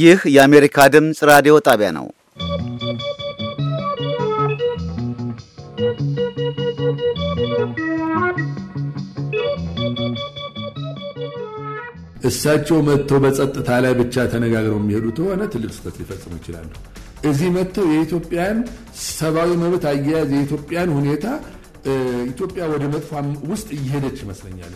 ይህ የአሜሪካ ድምፅ ራዲዮ ጣቢያ ነው። እሳቸው መጥተው በጸጥታ ላይ ብቻ ተነጋግረው የሚሄዱ ከሆነ ትልቅ ስህተት ሊፈጽሙ ይችላሉ። እዚህ መጥተው የኢትዮጵያን ሰብአዊ መብት አያያዝ የኢትዮጵያን ሁኔታ ኢትዮጵያ ወደ መጥፎ ውስጥ እየሄደች ይመስለኛል፣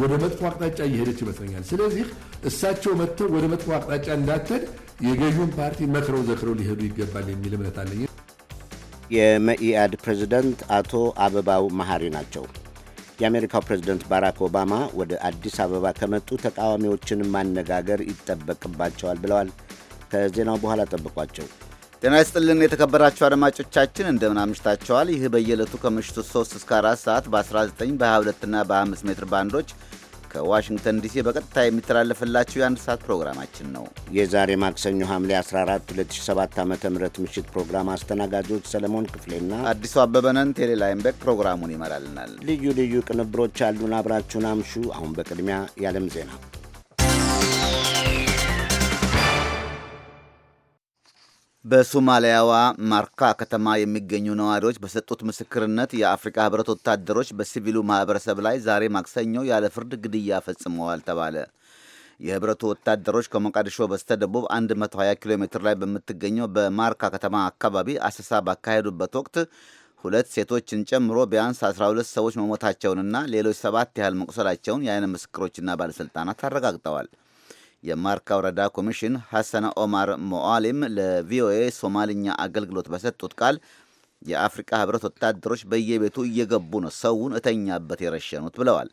ወደ መጥፎ አቅጣጫ እየሄደች ይመስለኛል። ስለዚህ እሳቸው መጥተው ወደ መጥፎ አቅጣጫ እንዳትሄድ የገዥውን ፓርቲ መክረው ዘክረው ሊሄዱ ይገባል የሚል እምነት አለኝ። የመኢአድ ፕሬዝደንት አቶ አበባው መሐሪ ናቸው። የአሜሪካው ፕሬዝደንት ባራክ ኦባማ ወደ አዲስ አበባ ከመጡ ተቃዋሚዎችን ማነጋገር ይጠበቅባቸዋል ብለዋል። ከዜናው በኋላ ጠብቋቸው። ጤና ይስጥልን የተከበራችሁ አድማጮቻችን እንደምን አምሽታችኋል። ይህ በየዕለቱ ከምሽቱ 3 እስከ 4 ሰዓት በ19 በ22ና በ25 ሜትር ባንዶች ከዋሽንግተን ዲሲ በቀጥታ የሚተላለፍላችሁ የአንድ ሰዓት ፕሮግራማችን ነው። የዛሬ ማክሰኞ ሐምሌ 14 2007 ዓ ም ምሽት ፕሮግራም አስተናጋጆች ሰለሞን ክፍሌና አዲሱ አበበነን። ቴሌላይምበክ ፕሮግራሙን ይመራልናል። ልዩ ልዩ ቅንብሮች አሉን። አብራችሁን አምሹ። አሁን በቅድሚያ የዓለም ዜና በሶማሊያዋ ማርካ ከተማ የሚገኙ ነዋሪዎች በሰጡት ምስክርነት የአፍሪካ ህብረት ወታደሮች በሲቪሉ ማህበረሰብ ላይ ዛሬ ማክሰኞ ያለ ፍርድ ግድያ ፈጽመዋል ተባለ። የህብረቱ ወታደሮች ከሞቃዲሾ በስተ ደቡብ 120 ኪሎ ሜትር ላይ በምትገኘው በማርካ ከተማ አካባቢ አሰሳ ባካሄዱበት ወቅት ሁለት ሴቶችን ጨምሮ ቢያንስ 12 ሰዎች መሞታቸውንና ሌሎች ሰባት ያህል መቁሰላቸውን የአይን ምስክሮችና ባለሥልጣናት አረጋግጠዋል። የማርካ ወረዳ ኮሚሽን ሐሰነ ኦማር ሞዓሊም ለቪኦኤ ሶማልኛ አገልግሎት በሰጡት ቃል የአፍሪካ ህብረት ወታደሮች በየቤቱ እየገቡ ነው ሰውን እተኛበት የረሸኑት ብለዋል።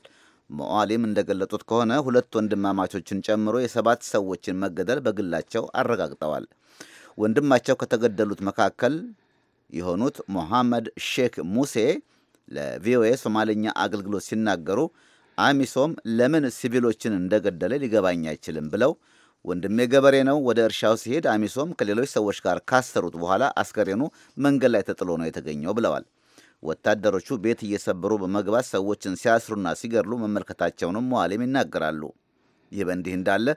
ሞዓሊም እንደገለጡት ከሆነ ሁለት ወንድማማቾችን ጨምሮ የሰባት ሰዎችን መገደል በግላቸው አረጋግጠዋል። ወንድማቸው ከተገደሉት መካከል የሆኑት ሞሐመድ ሼክ ሙሴ ለቪኦኤ ሶማልኛ አገልግሎት ሲናገሩ አሚሶም ለምን ሲቪሎችን እንደገደለ ሊገባኝ አይችልም ብለው ወንድሜ ገበሬ ነው፣ ወደ እርሻው ሲሄድ አሚሶም ከሌሎች ሰዎች ጋር ካሰሩት በኋላ አስከሬኑ መንገድ ላይ ተጥሎ ነው የተገኘው ብለዋል። ወታደሮቹ ቤት እየሰበሩ በመግባት ሰዎችን ሲያስሩና ሲገድሉ መመልከታቸውንም መዋሌም ይናገራሉ። ይህ በእንዲህ እንዳለ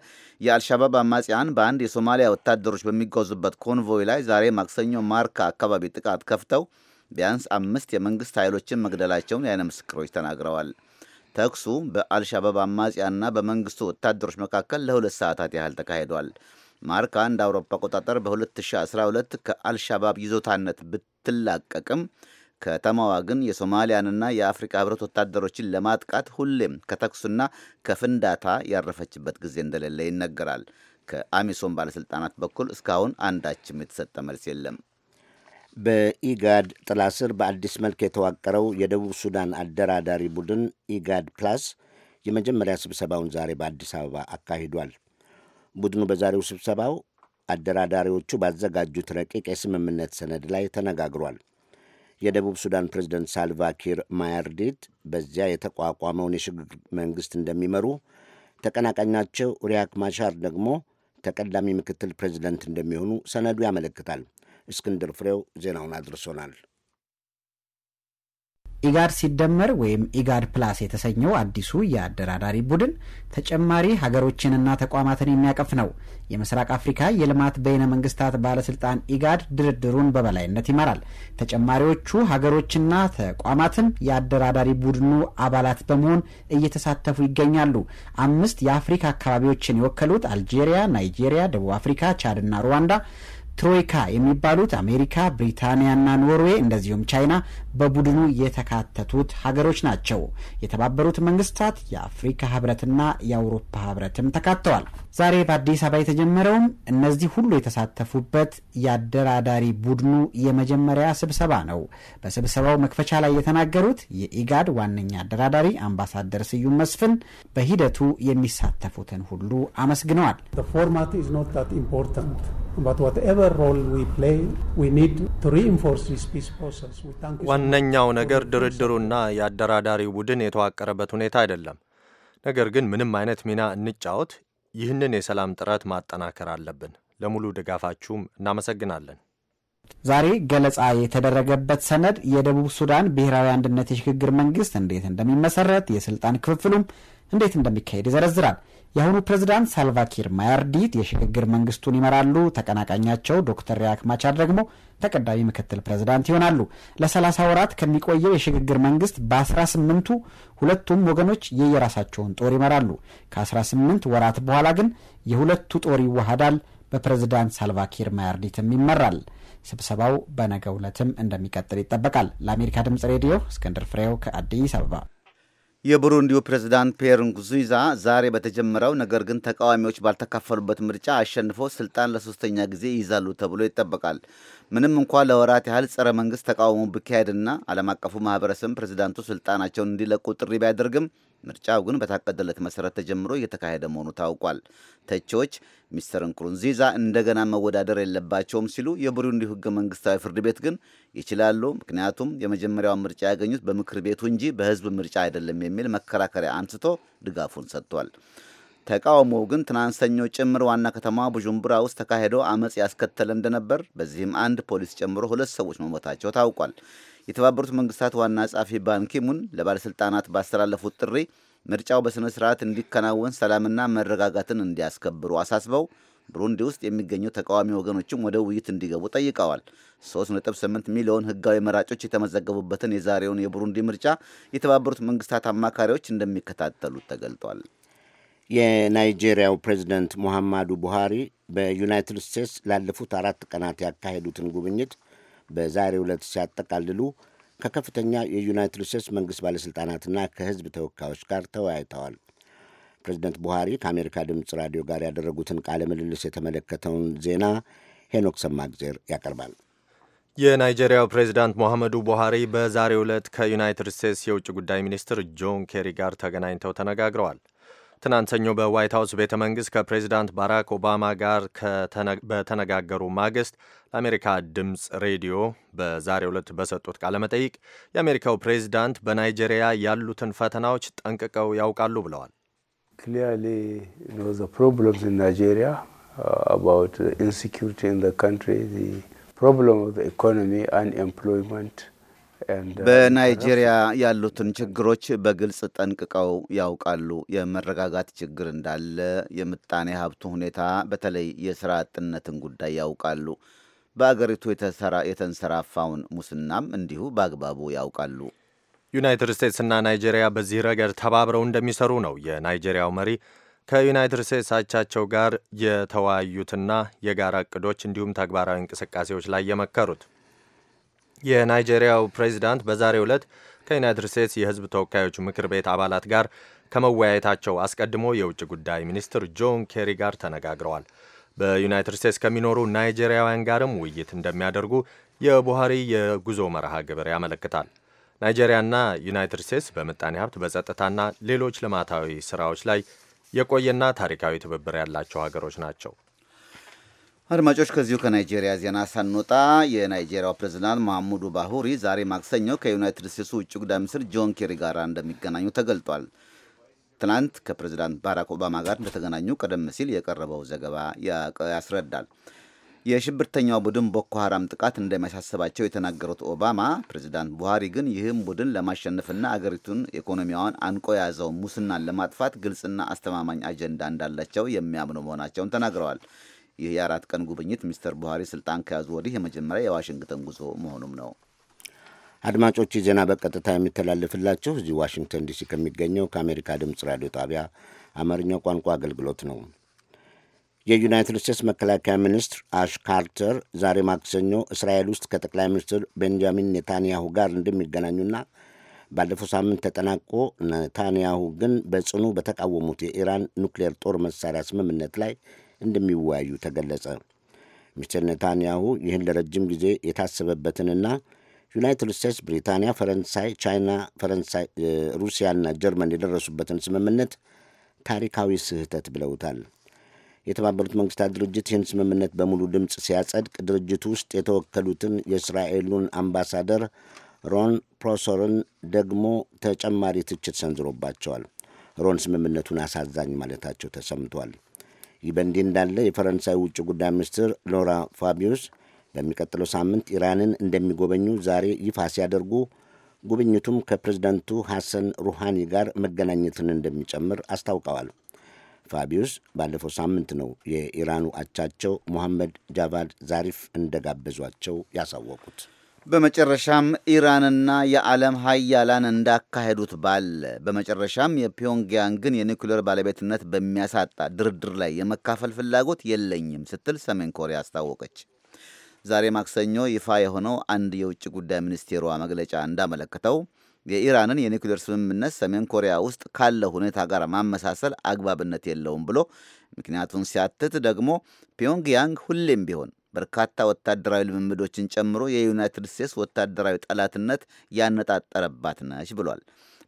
የአልሻባብ አማጽያን በአንድ የሶማሊያ ወታደሮች በሚጓዙበት ኮንቮይ ላይ ዛሬ ማክሰኞ ማርካ አካባቢ ጥቃት ከፍተው ቢያንስ አምስት የመንግሥት ኃይሎችን መግደላቸውን የአይነ ምስክሮች ተናግረዋል። ተኩሱ በአልሻባብ አማጽያና በመንግስቱ ወታደሮች መካከል ለሁለት ሰዓታት ያህል ተካሂዷል። ማርካ እንደ አውሮፓ አቆጣጠር በ2012 ከአልሻባብ ይዞታነት ብትላቀቅም ከተማዋ ግን የሶማሊያንና የአፍሪካ ህብረት ወታደሮችን ለማጥቃት ሁሌም ከተኩሱና ከፍንዳታ ያረፈችበት ጊዜ እንደሌለ ይነገራል። ከአሚሶም ባለሥልጣናት በኩል እስካሁን አንዳችም የተሰጠ መልስ የለም። በኢጋድ ጥላ ስር በአዲስ መልክ የተዋቀረው የደቡብ ሱዳን አደራዳሪ ቡድን ኢጋድ ፕላስ የመጀመሪያ ስብሰባውን ዛሬ በአዲስ አበባ አካሂዷል። ቡድኑ በዛሬው ስብሰባው አደራዳሪዎቹ ባዘጋጁት ረቂቅ የስምምነት ሰነድ ላይ ተነጋግሯል። የደቡብ ሱዳን ፕሬዝደንት ሳልቫኪር ማያርዲት በዚያ የተቋቋመውን የሽግግር መንግሥት እንደሚመሩ፣ ተቀናቃኛቸው ሪያክ ማሻር ደግሞ ተቀዳሚ ምክትል ፕሬዝደንት እንደሚሆኑ ሰነዱ ያመለክታል። እስክንድር ፍሬው ዜናውን አድርሶናል። ኢጋድ ሲደመር ወይም ኢጋድ ፕላስ የተሰኘው አዲሱ የአደራዳሪ ቡድን ተጨማሪ ሀገሮችንና ተቋማትን የሚያቀፍ ነው። የምስራቅ አፍሪካ የልማት በይነ መንግስታት ባለስልጣን ኢጋድ ድርድሩን በበላይነት ይመራል። ተጨማሪዎቹ ሀገሮችና ተቋማትም የአደራዳሪ ቡድኑ አባላት በመሆን እየተሳተፉ ይገኛሉ። አምስት የአፍሪካ አካባቢዎችን የወከሉት አልጄሪያ፣ ናይጄሪያ፣ ደቡብ አፍሪካ፣ ቻድና ሩዋንዳ ትሮይካ የሚባሉት አሜሪካ፣ ብሪታንያና ኖርዌይ እንደዚሁም ቻይና በቡድኑ የተካተቱት ሀገሮች ናቸው። የተባበሩት መንግስታት፣ የአፍሪካ ህብረትና የአውሮፓ ህብረትም ተካተዋል። ዛሬ በአዲስ አበባ የተጀመረውም እነዚህ ሁሉ የተሳተፉበት የአደራዳሪ ቡድኑ የመጀመሪያ ስብሰባ ነው። በስብሰባው መክፈቻ ላይ የተናገሩት የኢጋድ ዋነኛ አደራዳሪ አምባሳደር ስዩም መስፍን በሂደቱ የሚሳተፉትን ሁሉ አመስግነዋል። ዋና ዋነኛው ነገር ድርድሩና የአደራዳሪ ቡድን የተዋቀረበት ሁኔታ አይደለም። ነገር ግን ምንም አይነት ሚና እንጫወት፣ ይህንን የሰላም ጥረት ማጠናከር አለብን። ለሙሉ ድጋፋችሁም እናመሰግናለን። ዛሬ ገለጻ የተደረገበት ሰነድ የደቡብ ሱዳን ብሔራዊ አንድነት የሽግግር መንግስት እንዴት እንደሚመሰረት፣ የስልጣን ክፍፍሉም እንዴት እንደሚካሄድ ይዘረዝራል። የአሁኑ ፕሬዝዳንት ሳልቫኪር ማያርዲት የሽግግር መንግስቱን ይመራሉ። ተቀናቃኛቸው ዶክተር ሪያክ ማቻር ደግሞ ተቀዳሚ ምክትል ፕሬዝዳንት ይሆናሉ። ለ30 ወራት ከሚቆየው የሽግግር መንግስት በ18ቱ ሁለቱም ወገኖች የየራሳቸውን ጦር ይመራሉ። ከ18 ወራት በኋላ ግን የሁለቱ ጦር ይዋሃዳል፣ በፕሬዝዳንት ሳልቫኪር ማያርዲትም ይመራል። ስብሰባው በነገ ዕለትም እንደሚቀጥል ይጠበቃል። ለአሜሪካ ድምጽ ሬዲዮ እስክንድር ፍሬው ከአዲስ አበባ የቡሩንዲው ፕሬዝዳንት ፒየር ንኩሩንዚዛ ዛሬ በተጀመረው ነገር ግን ተቃዋሚዎች ባልተካፈሉበት ምርጫ አሸንፎ ስልጣን ለሶስተኛ ጊዜ ይይዛሉ ተብሎ ይጠበቃል። ምንም እንኳ ለወራት ያህል ጸረ መንግስት ተቃውሞ ቢካሄድና ዓለም አቀፉ ማህበረሰብ ፕሬዝዳንቱ ስልጣናቸውን እንዲለቁ ጥሪ ቢያደርግም ምርጫው ግን በታቀደለት መሰረት ተጀምሮ እየተካሄደ መሆኑ ታውቋል። ተቺዎች ሚስተር ንኩሩንዚዛ እንደገና መወዳደር የለባቸውም ሲሉ፣ የቡሩንዲ ህገ መንግስታዊ ፍርድ ቤት ግን ይችላሉ፣ ምክንያቱም የመጀመሪያውን ምርጫ ያገኙት በምክር ቤቱ እንጂ በህዝብ ምርጫ አይደለም የሚል መከራከሪያ አንስቶ ድጋፉን ሰጥቷል። ተቃውሞው ግን ትናንት ሰኞ ጭምር ዋና ከተማ ቡጁምቡራ ውስጥ ተካሄዶ አመፅ ያስከተለ እንደነበር፣ በዚህም አንድ ፖሊስ ጨምሮ ሁለት ሰዎች መሞታቸው ታውቋል። የተባበሩት መንግስታት ዋና ጸሐፊ ባንኪሙን ለባለሥልጣናት ባስተላለፉት ጥሪ ምርጫው በሥነ ሥርዓት እንዲከናወን ሰላምና መረጋጋትን እንዲያስከብሩ አሳስበው ብሩንዲ ውስጥ የሚገኙ ተቃዋሚ ወገኖችም ወደ ውይይት እንዲገቡ ጠይቀዋል። 3.8 ሚሊዮን ህጋዊ መራጮች የተመዘገቡበትን የዛሬውን የቡሩንዲ ምርጫ የተባበሩት መንግስታት አማካሪዎች እንደሚከታተሉት ተገልጧል። የናይጄሪያው ፕሬዚደንት ሙሐማዱ ቡሃሪ በዩናይትድ ስቴትስ ላለፉት አራት ቀናት ያካሄዱትን ጉብኝት በዛሬው ዕለት ሲያጠቃልሉ ከከፍተኛ የዩናይትድ ስቴትስ መንግሥት ባለሥልጣናትና ከሕዝብ ተወካዮች ጋር ተወያይተዋል። ፕሬዚደንት ቡሃሪ ከአሜሪካ ድምፅ ራዲዮ ጋር ያደረጉትን ቃለ ምልልስ የተመለከተውን ዜና ሄኖክ ሰማግዜር ያቀርባል። የናይጄሪያው ፕሬዚዳንት ሞሐመዱ ቡሃሪ በዛሬው ዕለት ከዩናይትድ ስቴትስ የውጭ ጉዳይ ሚኒስትር ጆን ኬሪ ጋር ተገናኝተው ተነጋግረዋል። ትናንት ሰኞ በዋይት ሀውስ ቤተ መንግስት ከፕሬዚዳንት ባራክ ኦባማ ጋር በተነጋገሩ ማግስት ለአሜሪካ ድምፅ ሬዲዮ በዛሬ ዕለት በሰጡት ቃለ መጠይቅ የአሜሪካው ፕሬዚዳንት በናይጄሪያ ያሉትን ፈተናዎች ጠንቅቀው ያውቃሉ ብለዋል። ክሊርሊ ኖዝ ኢን ካንትሪ ፕሮብለም ኦፍ ኢኮኖሚ አንድ Uh, በናይጄሪያ ያሉትን ችግሮች በግልጽ ጠንቅቀው ያውቃሉ። የመረጋጋት ችግር እንዳለ፣ የምጣኔ ሀብቱ ሁኔታ፣ በተለይ የስራ አጥነትን ጉዳይ ያውቃሉ። በአገሪቱ የተንሰራፋውን ሙስናም እንዲሁ በአግባቡ ያውቃሉ። ዩናይትድ እና ናይጄሪያ በዚህ ረገድ ተባብረው እንደሚሰሩ ነው የናይጄሪያው መሪ ከዩናይትድ ስቴትስ አቻቸው ጋር የተወያዩትና የጋራ እቅዶች እንዲሁም ተግባራዊ እንቅስቃሴዎች ላይ የመከሩት። የናይጄሪያው ፕሬዚዳንት በዛሬው ዕለት ከዩናይትድ ስቴትስ የህዝብ ተወካዮች ምክር ቤት አባላት ጋር ከመወያየታቸው አስቀድሞ የውጭ ጉዳይ ሚኒስትር ጆን ኬሪ ጋር ተነጋግረዋል። በዩናይትድ ስቴትስ ከሚኖሩ ናይጄሪያውያን ጋርም ውይይት እንደሚያደርጉ የቡሃሪ የጉዞ መርሃ ግብር ያመለክታል። ናይጄሪያና ዩናይትድ ስቴትስ በምጣኔ ሀብት፣ በጸጥታና ሌሎች ልማታዊ ስራዎች ላይ የቆየና ታሪካዊ ትብብር ያላቸው ሀገሮች ናቸው። አድማጮች ከዚሁ ከናይጄሪያ ዜና ሳንወጣ የናይጄሪያው ፕሬዚዳንት መሐሙዱ ባሁሪ ዛሬ ማክሰኞ ከዩናይትድ ስቴትሱ ውጭ ጉዳይ ሚኒስትር ጆን ኬሪ ጋር እንደሚገናኙ ተገልጧል። ትናንት ከፕሬዚዳንት ባራክ ኦባማ ጋር እንደተገናኙ ቀደም ሲል የቀረበው ዘገባ ያስረዳል። የሽብርተኛው ቡድን ቦኮ ሀራም ጥቃት እንደሚያሳስባቸው የተናገሩት ኦባማ ፕሬዚዳንት ቡሃሪ ግን ይህም ቡድን ለማሸነፍና አገሪቱን ኢኮኖሚያዋን አንቆ የያዘውን ሙስናን ለማጥፋት ግልጽና አስተማማኝ አጀንዳ እንዳላቸው የሚያምኑ መሆናቸውን ተናግረዋል። ይህ የአራት ቀን ጉብኝት ሚስተር ቡሃሪ ስልጣን ከያዙ ወዲህ የመጀመሪያ የዋሽንግተን ጉዞ መሆኑም ነው። አድማጮች ዜና በቀጥታ የሚተላለፍላቸው እዚህ ዋሽንግተን ዲሲ ከሚገኘው ከአሜሪካ ድምፅ ራዲዮ ጣቢያ አማርኛው ቋንቋ አገልግሎት ነው። የዩናይትድ ስቴትስ መከላከያ ሚኒስትር አሽ ካርተር ዛሬ ማክሰኞ እስራኤል ውስጥ ከጠቅላይ ሚኒስትር ቤንጃሚን ኔታንያሁ ጋር እንደሚገናኙና ባለፈው ሳምንት ተጠናቆ ኔታንያሁ ግን በጽኑ በተቃወሙት የኢራን ኑክሌር ጦር መሳሪያ ስምምነት ላይ እንደሚወያዩ ተገለጸ። ሚስተር ኔታንያሁ ይህን ለረጅም ጊዜ የታሰበበትንና ዩናይትድ ስቴትስ፣ ብሪታንያ፣ ፈረንሳይ፣ ቻይና፣ ፈረንሳይ፣ ሩሲያና ጀርመን የደረሱበትን ስምምነት ታሪካዊ ስህተት ብለውታል። የተባበሩት መንግስታት ድርጅት ይህን ስምምነት በሙሉ ድምፅ ሲያጸድቅ ድርጅቱ ውስጥ የተወከሉትን የእስራኤሉን አምባሳደር ሮን ፕሮሶርን ደግሞ ተጨማሪ ትችት ሰንዝሮባቸዋል። ሮን ስምምነቱን አሳዛኝ ማለታቸው ተሰምቷል። ይህ በእንዲህ እንዳለ የፈረንሳይ ውጭ ጉዳይ ሚኒስትር ሎራ ፋቢዮስ በሚቀጥለው ሳምንት ኢራንን እንደሚጎበኙ ዛሬ ይፋ ሲያደርጉ ጉብኝቱም ከፕሬዝዳንቱ ሐሰን ሩሃኒ ጋር መገናኘትን እንደሚጨምር አስታውቀዋል። ፋቢዮስ ባለፈው ሳምንት ነው የኢራኑ አቻቸው ሞሐመድ ጃቫድ ዛሪፍ እንደጋበዟቸው ያሳወቁት። በመጨረሻም ኢራንና የዓለም ሀያላን እንዳካሄዱት ባለ በመጨረሻም የፒዮንግያንግን የኒውክሌር ባለቤትነት በሚያሳጣ ድርድር ላይ የመካፈል ፍላጎት የለኝም ስትል ሰሜን ኮሪያ አስታወቀች። ዛሬ ማክሰኞ ይፋ የሆነው አንድ የውጭ ጉዳይ ሚኒስቴሯ መግለጫ እንዳመለከተው የኢራንን የኒውክሌር ስምምነት ሰሜን ኮሪያ ውስጥ ካለ ሁኔታ ጋር ማመሳሰል አግባብነት የለውም ብሎ ምክንያቱን ሲያትት ደግሞ ፒዮንግያንግ ሁሌም ቢሆን በርካታ ወታደራዊ ልምምዶችን ጨምሮ የዩናይትድ ስቴትስ ወታደራዊ ጠላትነት ያነጣጠረባት ነች ብሏል።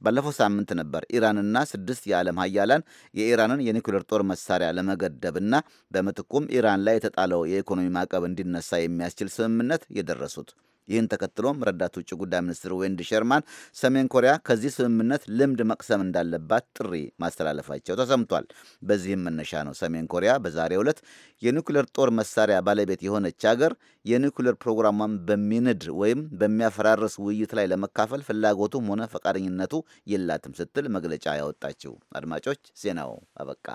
ባለፈው ሳምንት ነበር ኢራንና ስድስት የዓለም ሀያላን የኢራንን የኒኩሌር ጦር መሳሪያ ለመገደብና በምትኩም ኢራን ላይ የተጣለው የኢኮኖሚ ማዕቀብ እንዲነሳ የሚያስችል ስምምነት የደረሱት። ይህን ተከትሎም ረዳት ውጭ ጉዳይ ሚኒስትር ዌንድ ሸርማን ሰሜን ኮሪያ ከዚህ ስምምነት ልምድ መቅሰም እንዳለባት ጥሪ ማስተላለፋቸው ተሰምቷል። በዚህም መነሻ ነው ሰሜን ኮሪያ በዛሬው ዕለት የኒኩሌር ጦር መሳሪያ ባለቤት የሆነች ሀገር የኒኩሌር ፕሮግራሟን በሚንድ ወይም በሚያፈራርስ ውይይት ላይ ለመካፈል ፍላጎቱም ሆነ ፈቃደኝነቱ የላትም ስትል መግለጫ ያወጣችው። አድማጮች ዜናው አበቃ።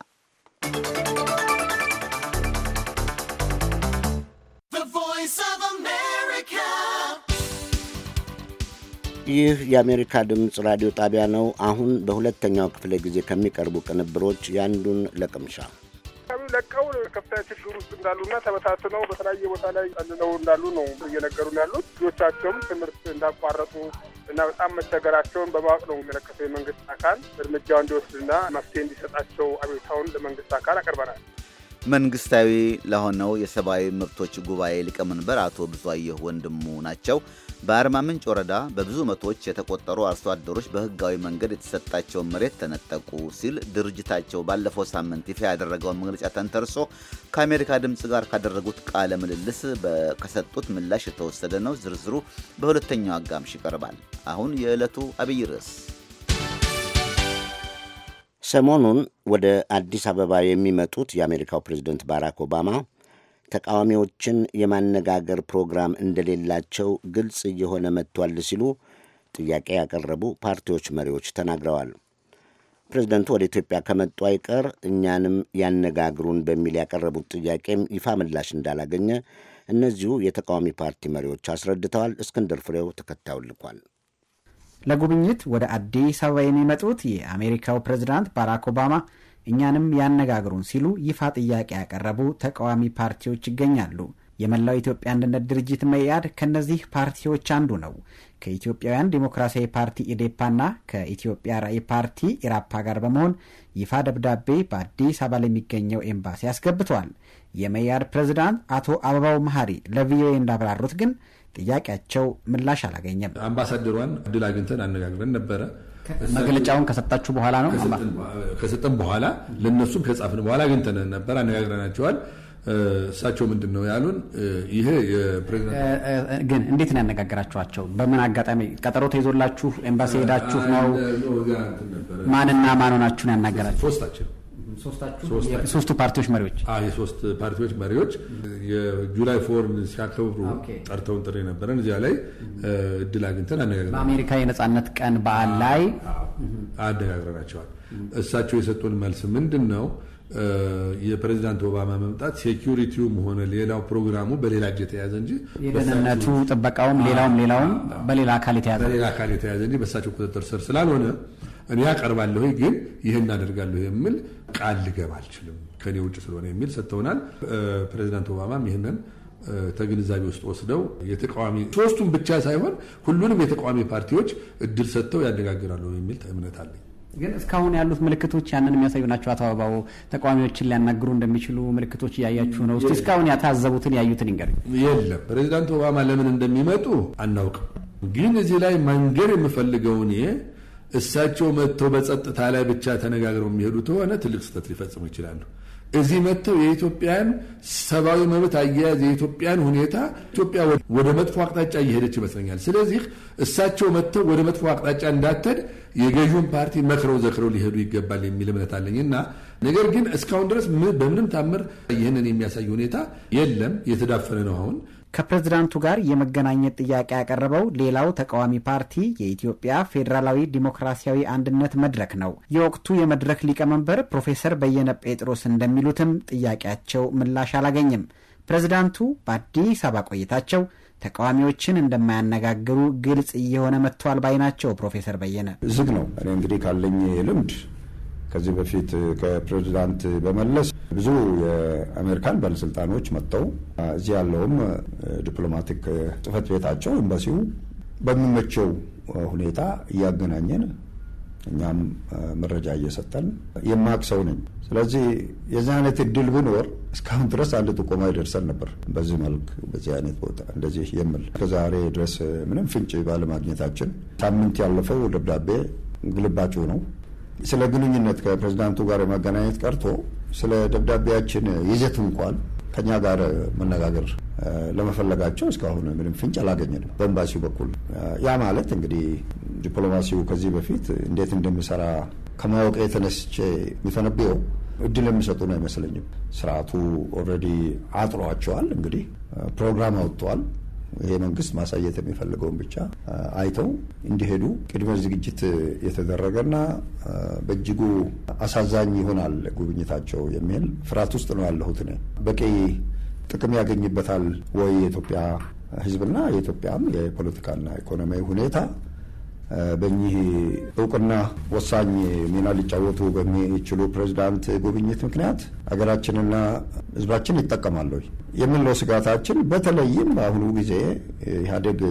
ይህ የአሜሪካ ድምፅ ራዲዮ ጣቢያ ነው። አሁን በሁለተኛው ክፍለ ጊዜ ከሚቀርቡ ቅንብሮች የአንዱን ለቅምሻ ለቀው ከፍተኛ ችግር ውስጥ እንዳሉና ተበታትነው በተለያየ ቦታ ላይ ጠልለው እንዳሉ ነው እየነገሩን ያሉት። ልጆቻቸውም ትምህርት እንዳቋረጡ እና በጣም መቸገራቸውን በማወቅ ነው የሚመለከተው የመንግስት አካል እርምጃ እንዲወስድና መፍትሄ እንዲሰጣቸው አቤታውን ለመንግስት አካል አቅርበናል። መንግስታዊ ለሆነው የሰብአዊ መብቶች ጉባኤ ሊቀመንበር አቶ ብዙአየሁ ወንድሙ ናቸው። በአርማ ምንጭ ወረዳ በብዙ መቶዎች የተቆጠሩ አርሶ አደሮች በህጋዊ መንገድ የተሰጣቸውን መሬት ተነጠቁ ሲል ድርጅታቸው ባለፈው ሳምንት ይፋ ያደረገውን መግለጫ ተንተርሶ ከአሜሪካ ድምፅ ጋር ካደረጉት ቃለ ምልልስ ከሰጡት ምላሽ የተወሰደ ነው። ዝርዝሩ በሁለተኛው አጋምሽ ይቀርባል። አሁን የዕለቱ አብይ ርዕስ ሰሞኑን ወደ አዲስ አበባ የሚመጡት የአሜሪካው ፕሬዝደንት ባራክ ኦባማ ተቃዋሚዎችን የማነጋገር ፕሮግራም እንደሌላቸው ግልጽ እየሆነ መጥቷል ሲሉ ጥያቄ ያቀረቡ ፓርቲዎች መሪዎች ተናግረዋል። ፕሬዝደንቱ ወደ ኢትዮጵያ ከመጡ አይቀር እኛንም ያነጋግሩን በሚል ያቀረቡት ጥያቄም ይፋ ምላሽ እንዳላገኘ እነዚሁ የተቃዋሚ ፓርቲ መሪዎች አስረድተዋል። እስክንድር ፍሬው ተከታዩ ልኳል። ለጉብኝት ወደ አዲስ አበባ የሚመጡት የአሜሪካው ፕሬዝዳንት ባራክ ኦባማ እኛንም ያነጋግሩን ሲሉ ይፋ ጥያቄ ያቀረቡ ተቃዋሚ ፓርቲዎች ይገኛሉ። የመላው ኢትዮጵያ አንድነት ድርጅት መኢአድ ከእነዚህ ፓርቲዎች አንዱ ነው። ከኢትዮጵያውያን ዴሞክራሲያዊ ፓርቲ ኢዴፓና ከኢትዮጵያ ራዕይ ፓርቲ ኢራፓ ጋር በመሆን ይፋ ደብዳቤ በአዲስ አበባ ለሚገኘው ኤምባሲ አስገብቷል። የመኢአድ ፕሬዝዳንት አቶ አበባው መሀሪ ለቪኦኤ እንዳብራሩት ግን ጥያቄያቸው ምላሽ አላገኘም። አምባሳደሯን እድል አግኝተን አነጋግረን ነበረ መግለጫውን ከሰጣችሁ በኋላ ነው? ከሰጠን በኋላ ለነሱም ከጻፍን በኋላ አግኝተን ነበር፣ አነጋግረናቸዋል። እሳቸው ምንድን ነው ያሉን? ይሄ የፕሬዚዳንት ግን እንዴት ነው ያነጋገራችኋቸው? በምን አጋጣሚ? ቀጠሮ ተይዞላችሁ ኤምባሲ ሄዳችሁ ነው? ማንና ማን ሆናችሁን ያናገራችሁ? ሶስታችን ሶስቱ ፓርቲዎች መሪዎች የሶስት ፓርቲዎች መሪዎች የጁላይ ፎርን ሲያከብሩ ጠርተውን ጥሪ ነበረን። እዚያ ላይ እድል አግኝተን አነጋግረናል። በአሜሪካ የነጻነት ቀን በዓል ላይ አነጋግረናቸዋል። እሳቸው የሰጡን መልስ ምንድን ነው? የፕሬዚዳንት ኦባማ መምጣት ሴኪሪቲውም ሆነ ሌላው ፕሮግራሙ በሌላ እጅ የተያዘ እንጂ የደህንነቱ ጥበቃውም ሌላውም ሌላውም በሌላ አካል የተያዘ በሌላ አካል የተያዘ እንጂ በእሳቸው ቁጥጥር ስር ስላልሆነ እኔ አቀርባለሁ፣ ግን ይህን አደርጋለሁ የሚል ቃል ልገባ አልችልም ከኔ ውጭ ስለሆነ የሚል ሰጥተውናል። ፕሬዚዳንት ኦባማም ይህንን ተግንዛቤ ውስጥ ወስደው የተቃዋሚ ሶስቱም ብቻ ሳይሆን ሁሉንም የተቃዋሚ ፓርቲዎች እድል ሰጥተው ያነጋግራሉ የሚል እምነት አለኝ። ግን እስካሁን ያሉት ምልክቶች ያንን የሚያሳዩ ናቸው። አቶ አበባው ተቃዋሚዎችን ሊያናግሩ እንደሚችሉ ምልክቶች እያያችሁ ነው። እስቲ እስካሁን ያታዘቡትን ያዩትን ይንገር። የለም ፕሬዚዳንት ኦባማ ለምን እንደሚመጡ አናውቅም። ግን እዚህ ላይ መንገር የምፈልገውን እሳቸው መጥተው በጸጥታ ላይ ብቻ ተነጋግረው የሚሄዱ ከሆነ ትልቅ ስህተት ሊፈጽሙ ይችላሉ። እዚህ መጥተው የኢትዮጵያን ሰብአዊ መብት አያያዝ የኢትዮጵያን ሁኔታ ኢትዮጵያ ወደ መጥፎ አቅጣጫ እየሄደች ይመስለኛል። ስለዚህ እሳቸው መጥተው ወደ መጥፎ አቅጣጫ እንዳትሄድ የገዥውን ፓርቲ መክረው ዘክረው ሊሄዱ ይገባል የሚል እምነት አለኝ እና ነገር ግን እስካሁን ድረስ በምንም ታምር ይህንን የሚያሳይ ሁኔታ የለም። የተዳፈነ ነው አሁን ከፕሬዝዳንቱ ጋር የመገናኘት ጥያቄ ያቀረበው ሌላው ተቃዋሚ ፓርቲ የኢትዮጵያ ፌዴራላዊ ዲሞክራሲያዊ አንድነት መድረክ ነው። የወቅቱ የመድረክ ሊቀመንበር ፕሮፌሰር በየነ ጴጥሮስ እንደሚሉትም ጥያቄያቸው ምላሽ አላገኝም። ፕሬዝዳንቱ በአዲስ አበባ ቆይታቸው ተቃዋሚዎችን እንደማያነጋግሩ ግልጽ እየሆነ መጥቷል ባይ ናቸው። ፕሮፌሰር በየነ ዝግ ነው። እኔ እንግዲህ ካለኝ ልምድ ከዚህ በፊት ከፕሬዚዳንት በመለስ ብዙ የአሜሪካን ባለስልጣኖች መጥተው እዚህ ያለውም ዲፕሎማቲክ ጽህፈት ቤታቸው ኤምባሲው በሚመቸው ሁኔታ እያገናኘን እኛም መረጃ እየሰጠን የማቅ ሰው ነኝ። ስለዚህ የዚህ አይነት እድል ብኖር እስካሁን ድረስ አንድ ጥቆማ ይደርሰን ነበር። በዚህ መልክ በዚህ አይነት ቦታ እንደዚህ የምል ከዛሬ ድረስ ምንም ፍንጭ ባለማግኘታችን ሳምንት ያለፈው ደብዳቤ ግልባጩ ነው። ስለ ግንኙነት ከፕሬዚዳንቱ ጋር የመገናኘት ቀርቶ ስለ ደብዳቤያችን ይዘት እንኳን ከኛ ጋር መነጋገር ለመፈለጋቸው እስካሁን ምንም ፍንጭ አላገኘንም በኤምባሲው በኩል። ያ ማለት እንግዲህ ዲፕሎማሲው ከዚህ በፊት እንዴት እንደሚሰራ ከማወቅ የተነስቼ የሚፈነብየው እድል ነው አይመስለኝም። ስርዓቱ ኦልሬዲ አጥሯቸዋል። እንግዲህ ፕሮግራም አውጥተዋል። ይሄ መንግስት ማሳየት የሚፈልገውን ብቻ አይተው እንዲሄዱ ቅድመ ዝግጅት የተደረገና በእጅጉ አሳዛኝ ይሆናል ጉብኝታቸው የሚል ፍርሃት ውስጥ ነው ያለሁት እኔ። በቂ ጥቅም ያገኝበታል ወይ የኢትዮጵያ ህዝብና የኢትዮጵያም የፖለቲካና ኢኮኖሚያዊ ሁኔታ በእኚህ እውቅና ወሳኝ ሚና ሊጫወቱ በሚችሉ ፕሬዚዳንት ጉብኝት ምክንያት ሀገራችንና ህዝባችን ይጠቀማሉ የምንለው ስጋታችን በተለይም በአሁኑ ጊዜ ኢህአዴግ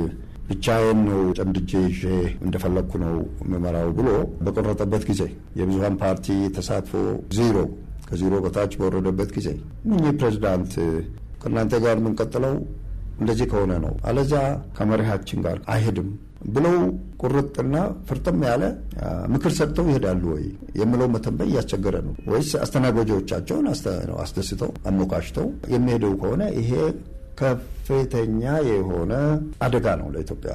ብቻዬን ነው ጨምድጄ ይዤ እንደፈለግኩ ነው ምመራው ብሎ በቆረጠበት ጊዜ የብዙሀን ፓርቲ ተሳትፎ ዜሮ ከዜሮ በታች በወረደበት ጊዜ እኚህ ፕሬዚዳንት ከእናንተ ጋር የምንቀጥለው እንደዚህ ከሆነ ነው፣ አለዚያ ከመሪሃችን ጋር አይሄድም ብለው ቁርጥና ፍርጥም ያለ ምክር ሰጥተው ይሄዳሉ ወይ የምለው መተንበይ እያስቸገረ ነው። ወይስ አስተናጋጆቻቸውን አስደስተው አሞካሽተው የሚሄደው ከሆነ ይሄ ከፍተኛ የሆነ አደጋ ነው ለኢትዮጵያ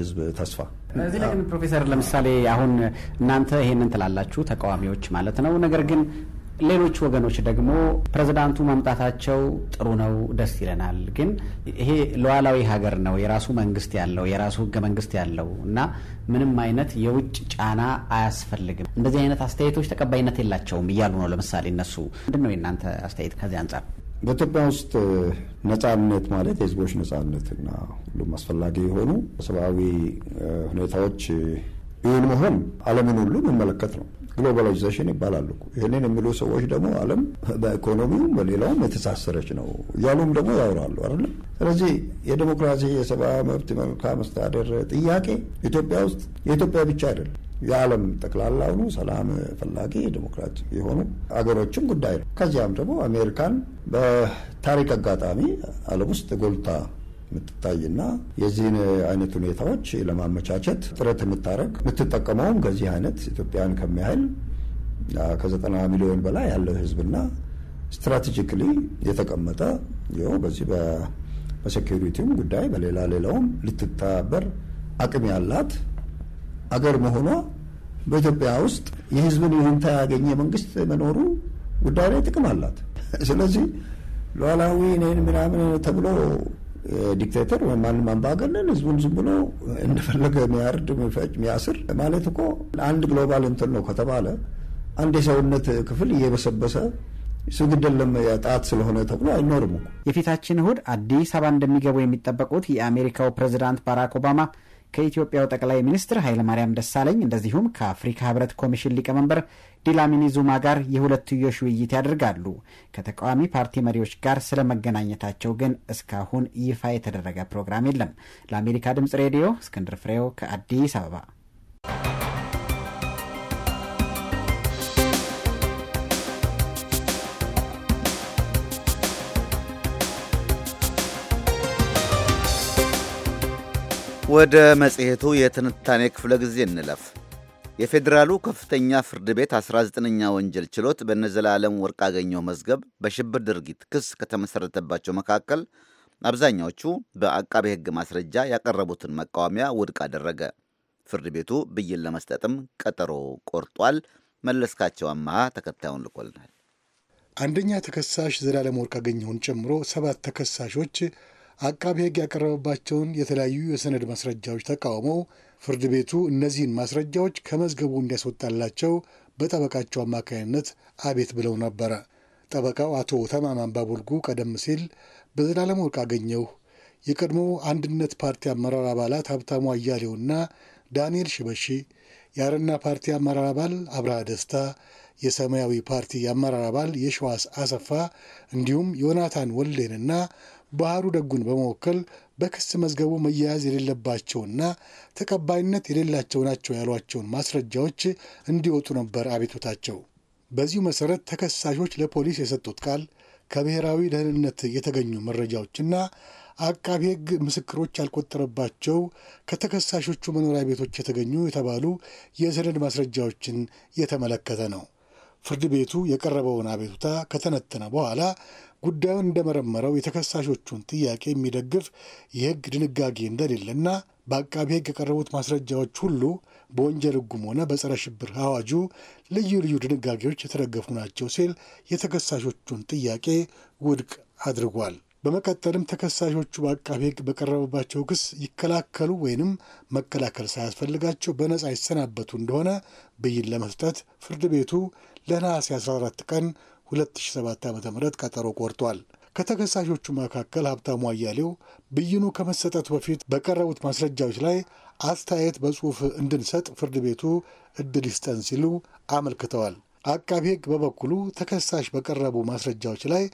ሕዝብ ተስፋ እዚህ ላይ ግን ፕሮፌሰር ለምሳሌ አሁን እናንተ ይሄንን ትላላችሁ ተቃዋሚዎች ማለት ነው። ነገር ግን ሌሎች ወገኖች ደግሞ ፕሬዝዳንቱ መምጣታቸው ጥሩ ነው፣ ደስ ይለናል። ግን ይሄ ሉዓላዊ ሀገር ነው፣ የራሱ መንግስት ያለው የራሱ ህገ መንግስት ያለው እና ምንም አይነት የውጭ ጫና አያስፈልግም፣ እንደዚህ አይነት አስተያየቶች ተቀባይነት የላቸውም እያሉ ነው። ለምሳሌ እነሱ ምንድን ነው የእናንተ አስተያየት ከዚህ አንጻር? በኢትዮጵያ ውስጥ ነጻነት ማለት የህዝቦች እና ሁሉም አስፈላጊ የሆኑ ሰብአዊ ሁኔታዎች ይሁን መሆን አለምን ሁሉ መመለከት ነው። ግሎባላይዜሽን ይባላሉ። ይህንን የሚሉ ሰዎች ደግሞ ዓለም በኢኮኖሚውም በሌላውም የተሳሰረች ነው እያሉም ደግሞ ያወራሉ አለ። ስለዚህ የዲሞክራሲ የሰብአዊ መብት መልካም መስተዳደር ጥያቄ ኢትዮጵያ ውስጥ የኢትዮጵያ ብቻ አይደለም የዓለም ጠቅላላውኑ ሰላም ፈላጊ ዴሞክራት የሆኑ አገሮችም ጉዳይ ነው። ከዚያም ደግሞ አሜሪካን በታሪክ አጋጣሚ ዓለም ውስጥ ጎልታ የምትታይና የዚህን አይነት ሁኔታዎች ለማመቻቸት ጥረት የምታደረግ የምትጠቀመውም ከዚህ አይነት ኢትዮጵያን ከሚያህል ከዘጠና ሚሊዮን በላይ ያለው ህዝብና ስትራቴጂክሊ የተቀመጠ ይኸው በዚህ በሴኪሪቲውም ጉዳይ በሌላ ሌላውም ልትተባበር አቅም ያላት አገር መሆኗ በኢትዮጵያ ውስጥ የህዝብን ይሁንታ ያገኘ መንግስት መኖሩ ጉዳይ ላይ ጥቅም አላት። ስለዚህ ሉዓላዊ እኔን ምናምን ተብሎ ዲክቴተር ወይም ማንም አምባገነን ህዝቡን ዝም ብሎ እንደፈለገ ሚያርድ ሚፈጭ ሚያስር ማለት እኮ አንድ ግሎባል እንትን ነው ከተባለ አንድ የሰውነት ክፍል እየበሰበሰ ስግደለም ጣት ስለሆነ ተብሎ አይኖርም የፊታችን እሁድ አዲስ አበባ እንደሚገቡ የሚጠበቁት የአሜሪካው ፕሬዚዳንት ባራክ ኦባማ ከኢትዮጵያው ጠቅላይ ሚኒስትር ኃይለማርያም ደሳለኝ እንደዚሁም ከአፍሪካ ህብረት ኮሚሽን ሊቀመንበር ዲላሚኒ ዙማ ጋር የሁለትዮሽ ውይይት ያደርጋሉ። ከተቃዋሚ ፓርቲ መሪዎች ጋር ስለ መገናኘታቸው ግን እስካሁን ይፋ የተደረገ ፕሮግራም የለም። ለአሜሪካ ድምጽ ሬዲዮ እስክንድር ፍሬው ከአዲስ አበባ ወደ መጽሔቱ የትንታኔ ክፍለ ጊዜ እንለፍ። የፌዴራሉ ከፍተኛ ፍርድ ቤት 19ኛ ወንጀል ችሎት በነዘላለም ወርቅ አገኘው መዝገብ በሽብር ድርጊት ክስ ከተመሠረተባቸው መካከል አብዛኛዎቹ በአቃቤ ሕግ ማስረጃ ያቀረቡትን መቃወሚያ ውድቅ አደረገ። ፍርድ ቤቱ ብይን ለመስጠትም ቀጠሮ ቆርጧል። መለስካቸው አመሃ ተከታዩን ልኮልናል። አንደኛ ተከሳሽ ዘላለም ወርቅ አገኘውን ጨምሮ ሰባት ተከሳሾች አቃቢ ሕግ ያቀረበባቸውን የተለያዩ የሰነድ ማስረጃዎች ተቃውመው ፍርድ ቤቱ እነዚህን ማስረጃዎች ከመዝገቡ እንዲያስወጣላቸው በጠበቃቸው አማካኝነት አቤት ብለው ነበረ። ጠበቃው አቶ ተማማን ባቡልጉ ቀደም ሲል በዘላለም ወርቅ አገኘሁ የቀድሞ አንድነት ፓርቲ አመራር አባላት ሀብታሙ አያሌውና ዳንኤል ሽበሺ፣ የአረና ፓርቲ አመራር አባል አብርሃ ደስታ፣ የሰማያዊ ፓርቲ አመራር አባል የሸዋስ አሰፋ እንዲሁም ዮናታን ወልዴንና ባህሩ ደጉን በመወከል በክስ መዝገቡ መያያዝ የሌለባቸውና ተቀባይነት የሌላቸው ናቸው ያሏቸውን ማስረጃዎች እንዲወጡ ነበር አቤቱታቸው። በዚሁ መሰረት ተከሳሾች ለፖሊስ የሰጡት ቃል ከብሔራዊ ደህንነት የተገኙ መረጃዎችና አቃቤ ሕግ ምስክሮች ያልቆጠረባቸው ከተከሳሾቹ መኖሪያ ቤቶች የተገኙ የተባሉ የሰነድ ማስረጃዎችን የተመለከተ ነው። ፍርድ ቤቱ የቀረበውን አቤቱታ ከተነተነ በኋላ ጉዳዩን እንደመረመረው የተከሳሾቹን ጥያቄ የሚደግፍ የህግ ድንጋጌ እንደሌለና በአቃቢ ህግ የቀረቡት ማስረጃዎች ሁሉ በወንጀል ህጉም ሆነ በጸረ ሽብር አዋጁ ልዩ ልዩ ድንጋጌዎች የተደገፉ ናቸው ሲል የተከሳሾቹን ጥያቄ ውድቅ አድርጓል። በመቀጠልም ተከሳሾቹ በአቃቢ ህግ በቀረበባቸው ክስ ይከላከሉ ወይንም መከላከል ሳያስፈልጋቸው በነፃ ይሰናበቱ እንደሆነ ብይን ለመስጠት ፍርድ ቤቱ ለነሐሴ 14 ቀን 2007 ዓ ም ቀጠሮ ቆርጧል። ከተከሳሾቹ መካከል ሀብታሙ አያሌው ብይኑ ከመሰጠቱ በፊት በቀረቡት ማስረጃዎች ላይ አስተያየት በጽሑፍ እንድንሰጥ ፍርድ ቤቱ እድል ይስጠን ሲሉ አመልክተዋል። አቃቢ ሕግ በበኩሉ ተከሳሽ በቀረቡ ማስረጃዎች ላይ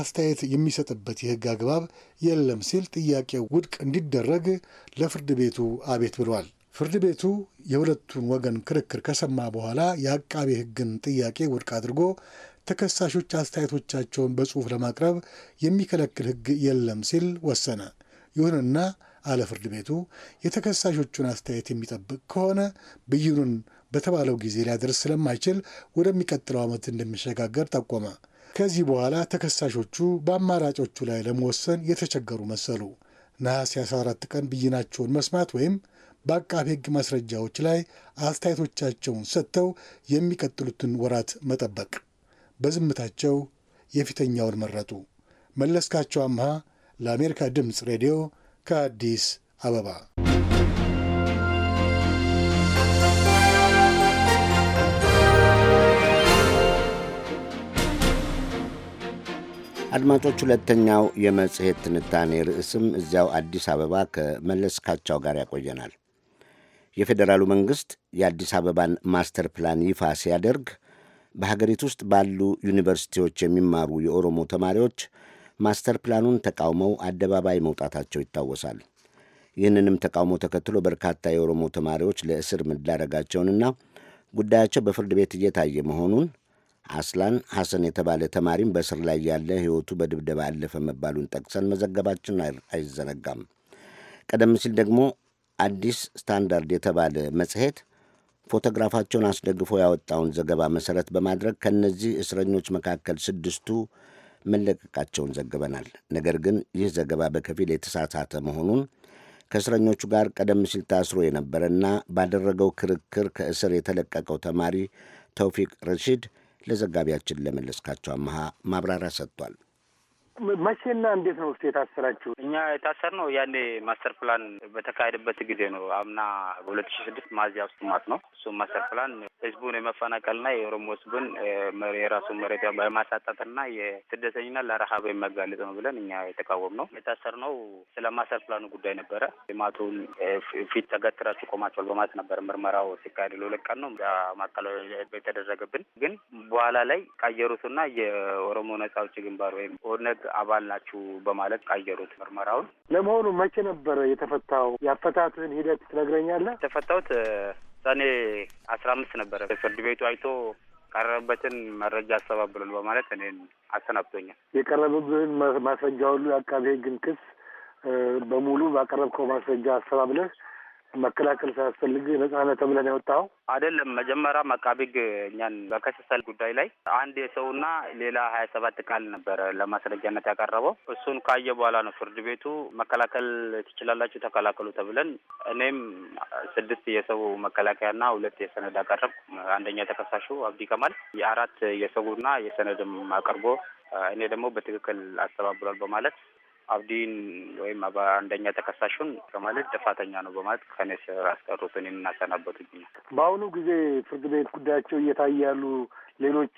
አስተያየት የሚሰጥበት የሕግ አግባብ የለም ሲል ጥያቄው ውድቅ እንዲደረግ ለፍርድ ቤቱ አቤት ብሏል። ፍርድ ቤቱ የሁለቱን ወገን ክርክር ከሰማ በኋላ የአቃቢ ሕግን ጥያቄ ውድቅ አድርጎ ተከሳሾች አስተያየቶቻቸውን በጽሑፍ ለማቅረብ የሚከለክል ሕግ የለም ሲል ወሰነ። ይሁንና አለ ፍርድ ቤቱ የተከሳሾቹን አስተያየት የሚጠብቅ ከሆነ ብይኑን በተባለው ጊዜ ሊያደርስ ስለማይችል ወደሚቀጥለው ዓመት እንደሚሸጋገር ጠቆመ። ከዚህ በኋላ ተከሳሾቹ በአማራጮቹ ላይ ለመወሰን የተቸገሩ መሰሉ። ነሐሴ 14 ቀን ብይናቸውን መስማት ወይም በአቃቤ ሕግ ማስረጃዎች ላይ አስተያየቶቻቸውን ሰጥተው የሚቀጥሉትን ወራት መጠበቅ በዝምታቸው የፊተኛውን መረጡ። መለስካቸው አምሃ ለአሜሪካ ድምፅ ሬዲዮ ከአዲስ አበባ አድማጮች ሁለተኛው የመጽሔት ትንታኔ ርዕስም እዚያው አዲስ አበባ ከመለስካቸው ጋር ያቆየናል። የፌዴራሉ መንግሥት የአዲስ አበባን ማስተር ፕላን ይፋ ሲያደርግ በሀገሪቱ ውስጥ ባሉ ዩኒቨርሲቲዎች የሚማሩ የኦሮሞ ተማሪዎች ማስተር ፕላኑን ተቃውመው አደባባይ መውጣታቸው ይታወሳል። ይህንንም ተቃውሞ ተከትሎ በርካታ የኦሮሞ ተማሪዎች ለእስር መዳረጋቸውንና ጉዳያቸው በፍርድ ቤት እየታየ መሆኑን አስላን ሐሰን የተባለ ተማሪም በእስር ላይ ያለ ሕይወቱ በድብደባ አለፈ መባሉን ጠቅሰን መዘገባችን አይዘነጋም። ቀደም ሲል ደግሞ አዲስ ስታንዳርድ የተባለ መጽሔት ፎቶግራፋቸውን አስደግፎ ያወጣውን ዘገባ መሠረት በማድረግ ከእነዚህ እስረኞች መካከል ስድስቱ መለቀቃቸውን ዘግበናል። ነገር ግን ይህ ዘገባ በከፊል የተሳሳተ መሆኑን ከእስረኞቹ ጋር ቀደም ሲል ታስሮ የነበረና ባደረገው ክርክር ከእስር የተለቀቀው ተማሪ ተውፊቅ ረሺድ ለዘጋቢያችን ለመለስካቸው አመሃ ማብራሪያ ሰጥቷል። መቼና እንዴት ነው ስ የታሰራችሁ? እኛ የታሰር ነው ያኔ ማስተር ፕላን በተካሄደበት ጊዜ ነው። አምና በሁለት ሺ ስድስት ማዚያ ውስጥ ማለት ነው። እሱም ማስተር ፕላን ህዝቡን የመፈናቀልና የኦሮሞ ህዝቡን የራሱን መሬት የማሳጣትና የስደተኝና ለረሀብ የሚያጋልጥ ነው ብለን እኛ የተቃወም ነው። የታሰር ነው ስለ ማስተር ፕላኑ ጉዳይ ነበረ። ልማቱን ፊት ተገትራችሁ ቆማችኋል በማለት ነበር። ምርመራው ሲካሄድ ለሁለት ቀን ነው ማዕከላዊ የተደረገብን። ግን በኋላ ላይ ቀየሩትና የኦሮሞ ነጻ አውጪ ግንባር ወይም ኦነግ አባል ናችሁ በማለት ቀየሩት ምርመራውን። ለመሆኑ መቼ ነበረ የተፈታው? ያፈታትህን ሂደት ትነግረኛለህ? የተፈታሁት ሰኔ አስራ አምስት ነበረ። ፍርድ ቤቱ አይቶ ቀረበበትን መረጃ አስተባብሏል በማለት እኔን አሰናብቶኛል። የቀረበብህን ማስረጃ ሁሉ የአቃቤ ሕግን ክስ በሙሉ ባቀረብከው ማስረጃ አስተባብለህ መከላከል ሳያስፈልግ ነጻ ተብለን ያወጣው አይደለም። መጀመሪያ አቃቤ ሕግ እኛን በከሰሰል ጉዳይ ላይ አንድ የሰውና ሌላ ሀያ ሰባት ቃል ነበረ ለማስረጃነት ያቀረበው። እሱን ካየ በኋላ ነው ፍርድ ቤቱ መከላከል ትችላላችሁ ተከላከሉ ተብለን እኔም ስድስት የሰው መከላከያና ሁለት የሰነድ አቀረብ። አንደኛ ተከሳሹ አብዲ ከማል የአራት የሰውና የሰነድም አቅርቦ እኔ ደግሞ በትክክል አስተባብሏል በማለት አብዲን ወይም አንደኛ ተከሳሹን በማለት ጥፋተኛ ነው በማለት ከኔ ስር አስቀሩት፣ እኔን እናሰናበቱብኛል። በአሁኑ ጊዜ ፍርድ ቤት ጉዳያቸው እየታየ ያሉ ሌሎች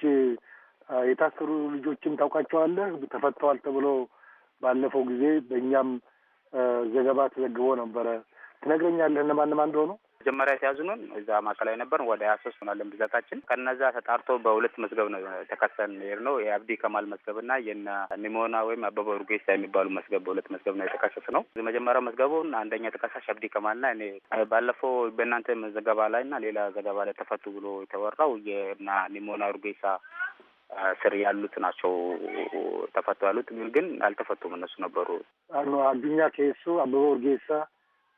የታሰሩ ልጆችም ታውቃቸዋለህ? ተፈተዋል ተብሎ ባለፈው ጊዜ በእኛም ዘገባ ተዘግቦ ነበረ። ትነግረኛለህ እነማን እንደሆኑ? መጀመሪያ ሲያዝኑን እዛ ማዕከላዊ ነበር ወደ ሀያ ሶስት ሆናለን ብዛታችን። ከነዛ ተጣርቶ በሁለት መዝገብ ነው የተከሰን ሄድ ነው። የአብዲ ከማል መዝገብ ና የነ ኒሞና ወይም አበበ ኡርጌሳ የሚባሉ መዝገብ በሁለት መዝገብ ነው የተከሰስ ነው። መጀመሪያው መዝገቡን አንደኛ ተከሳሽ አብዲ ከማል ና እኔ ባለፈው በእናንተ ዘገባ ላይ ና ሌላ ዘገባ ላይ ተፈቱ ብሎ የተወራው የና ኒሞና ሩጌሳ ስር ያሉት ናቸው ተፈቱ ያሉት፣ ግን አልተፈቱም። እነሱ ነበሩ አብዱኛ ኬሱ፣ አበበ ሩጌሳ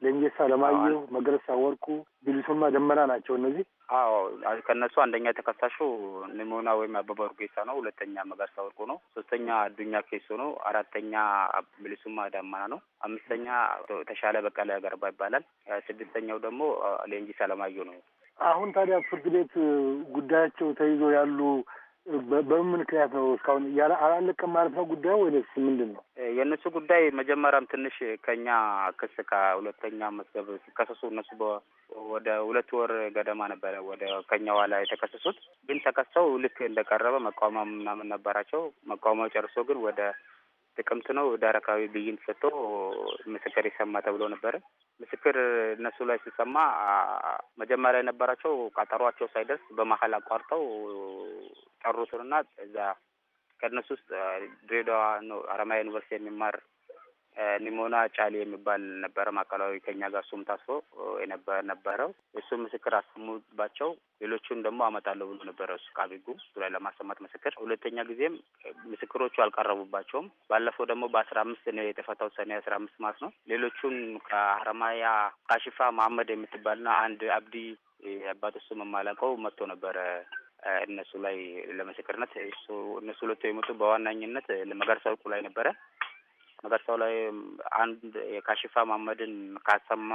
ለእንጌሳ ለማየሁ፣ መገረሳ ወርቁ፣ ቢሊሱማ ደመና ናቸው እነዚህ። አዎ ከእነሱ አንደኛ የተከሳሹ ኒሞና ወይም አበበ ሩጌሳ ነው። ሁለተኛ መገርሳ ወርቁ ነው። ሶስተኛ አዱኛ ኬሶ ነው። አራተኛ ቢሊሱማ ደመና ነው። አምስተኛ ተሻለ በቀለ ገርባ ይባላል። ስድስተኛው ደግሞ ለእንጌሳ ለማየሁ ነው። አሁን ታዲያ ፍርድ ቤት ጉዳያቸው ተይዞ ያሉ በምን ምክንያት ነው እስካሁን አላለቀም ማለት ነው ጉዳዩ ወይስ ምንድን ነው? የእነሱ ጉዳይ መጀመሪያም ትንሽ ከኛ ክስ ከሁለተኛ መዝገብ ሲከሰሱ እነሱ ወደ ሁለት ወር ገደማ ነበረ ወደ ከኛ ኋላ የተከሰሱት። ግን ተከሰው ልክ እንደቀረበ መቃወሚያ ምናምን ነበራቸው። መቃወሚያው ጨርሶ ግን ወደ ጥቅምት ነው ህዳር አካባቢ ብይን ሰጥቶ ምስክር ይሰማ ተብሎ ነበረ። ምስክር እነሱ ላይ ሲሰማ መጀመሪያ የነበራቸው ቀጠሯቸው ሳይደርስ በመሀል አቋርጠው ጠሩትንና እዛ ከእነሱ ውስጥ ድሬዳዋ አረማያ ዩኒቨርሲቲ የሚማር ሊሞና ጫሌ የሚባል ነበረ ማዕከላዊ ከኛ ጋር እሱም ታስሮ ነበረው። እሱ ምስክር አሰሙባቸው። ሌሎቹን ደግሞ አመጣለሁ ብሎ ነበረ እሱ ቃቢጉ እሱ ላይ ለማሰማት ምስክር። ሁለተኛ ጊዜም ምስክሮቹ አልቀረቡባቸውም። ባለፈው ደግሞ በአስራ አምስት ነው የተፈታው ሰኔ አስራ አምስት ማለት ነው። ሌሎቹን ከሀረማያ ካሽፋ መሀመድ የምትባልና አንድ አብዲ አባት እሱ መማላቀው መጥቶ ነበረ እነሱ ላይ ለምስክርነት እሱ እነሱ ሁለቱ የመጡ በዋናኝነት ለመገርሳ ላይ ነበረ በሰው ላይ አንድ የካሽፋ መሐመድን ካሰማ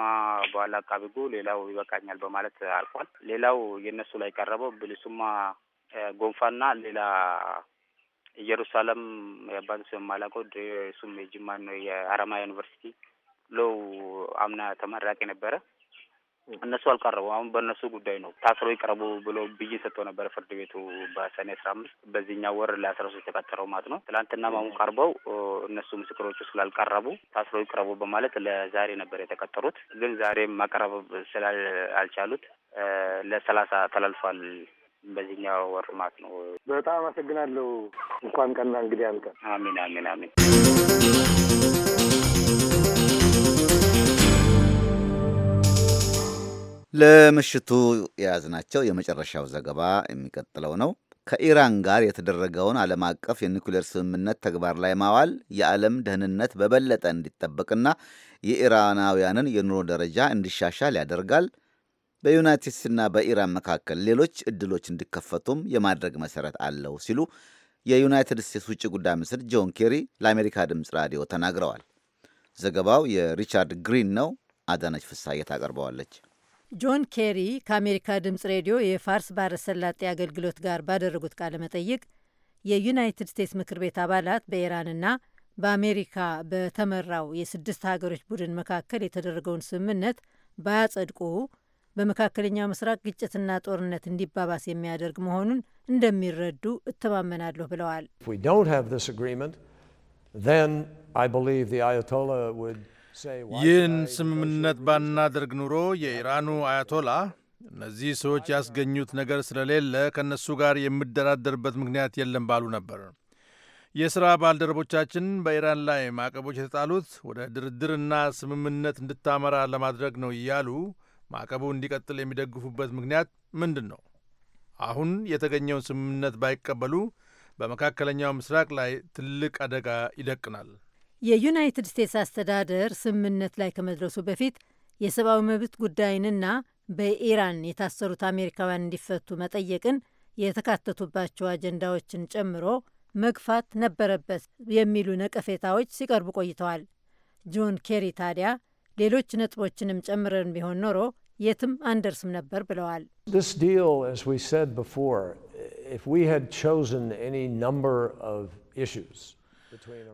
በኋላ አቃቢ ሕጉ ሌላው ይበቃኛል በማለት አልፏል። ሌላው የእነሱ ላይ ቀረበው ብልሱማ ጎንፋና ሌላ ኢየሩሳሌም የአባቱ ስም የማላውቀው እሱም የጅማ ነው የሀረማያ ዩኒቨርሲቲ ሎው አምና ተመራቂ ነበረ። እነሱ አልቀረቡ አሁን በእነሱ ጉዳይ ነው። ታስረው ይቀረቡ ብሎ ብይን ሰጥቶ ነበር ፍርድ ቤቱ በሰኔ አስራ አምስት በዚህኛው ወር ለአስራ ሶስት የቀጠረው ማለት ነው። ትላንትና ማሙ ቀርበው እነሱ ምስክሮቹ ስላልቀረቡ ታስሮ ይቀረቡ በማለት ለዛሬ ነበር የተቀጠሩት። ግን ዛሬም ማቅረብ ስላልቻሉት ለሰላሳ ተላልፏል። በዚህኛው ወር ማለት ነው። በጣም አመሰግናለሁ። እንኳን ቀና እንግዲህ አልቀን። አሚን አሚን አሚን ለምሽቱ የያዝናቸው የመጨረሻው ዘገባ የሚቀጥለው ነው። ከኢራን ጋር የተደረገውን ዓለም አቀፍ የኒኩሌር ስምምነት ተግባር ላይ ማዋል የዓለም ደህንነት በበለጠ እንዲጠበቅና የኢራናውያንን የኑሮ ደረጃ እንዲሻሻል ያደርጋል። በዩናይትድ ስቴትስና በኢራን መካከል ሌሎች እድሎች እንዲከፈቱም የማድረግ መሠረት አለው ሲሉ የዩናይትድ ስቴትስ ውጭ ጉዳይ ሚኒስትር ጆን ኬሪ ለአሜሪካ ድምፅ ራዲዮ ተናግረዋል። ዘገባው የሪቻርድ ግሪን ነው። አዳነች ፍሳየት አቀርበዋለች። ጆን ኬሪ ከአሜሪካ ድምፅ ሬዲዮ የፋርስ ባረሰላጤ ሰላጤ አገልግሎት ጋር ባደረጉት ቃለ መጠይቅ የዩናይትድ ስቴትስ ምክር ቤት አባላት በኢራንና በአሜሪካ በተመራው የስድስት ሀገሮች ቡድን መካከል የተደረገውን ስምምነት ባያጸድቁ በመካከለኛው ምስራቅ ግጭትና ጦርነት እንዲባባስ የሚያደርግ መሆኑን እንደሚረዱ እተማመናለሁ ብለዋል። ይህን ስምምነት ባናደርግ ኑሮ የኢራኑ አያቶላ እነዚህ ሰዎች ያስገኙት ነገር ስለሌለ ከእነሱ ጋር የምደራደርበት ምክንያት የለም ባሉ ነበር። የሥራ ባልደረቦቻችን በኢራን ላይ ማዕቀቦች የተጣሉት ወደ ድርድርና ስምምነት እንድታመራ ለማድረግ ነው እያሉ ማዕቀቡ እንዲቀጥል የሚደግፉበት ምክንያት ምንድን ነው? አሁን የተገኘውን ስምምነት ባይቀበሉ በመካከለኛው ምስራቅ ላይ ትልቅ አደጋ ይደቅናል። የዩናይትድ ስቴትስ አስተዳደር ስምምነት ላይ ከመድረሱ በፊት የሰብአዊ መብት ጉዳይንና በኢራን የታሰሩት አሜሪካውያን እንዲፈቱ መጠየቅን የተካተቱባቸው አጀንዳዎችን ጨምሮ መግፋት ነበረበት የሚሉ ነቀፌታዎች ሲቀርቡ ቆይተዋል። ጆን ኬሪ ታዲያ ሌሎች ነጥቦችንም ጨምረን ቢሆን ኖሮ የትም አንደርስም ነበር ብለዋል።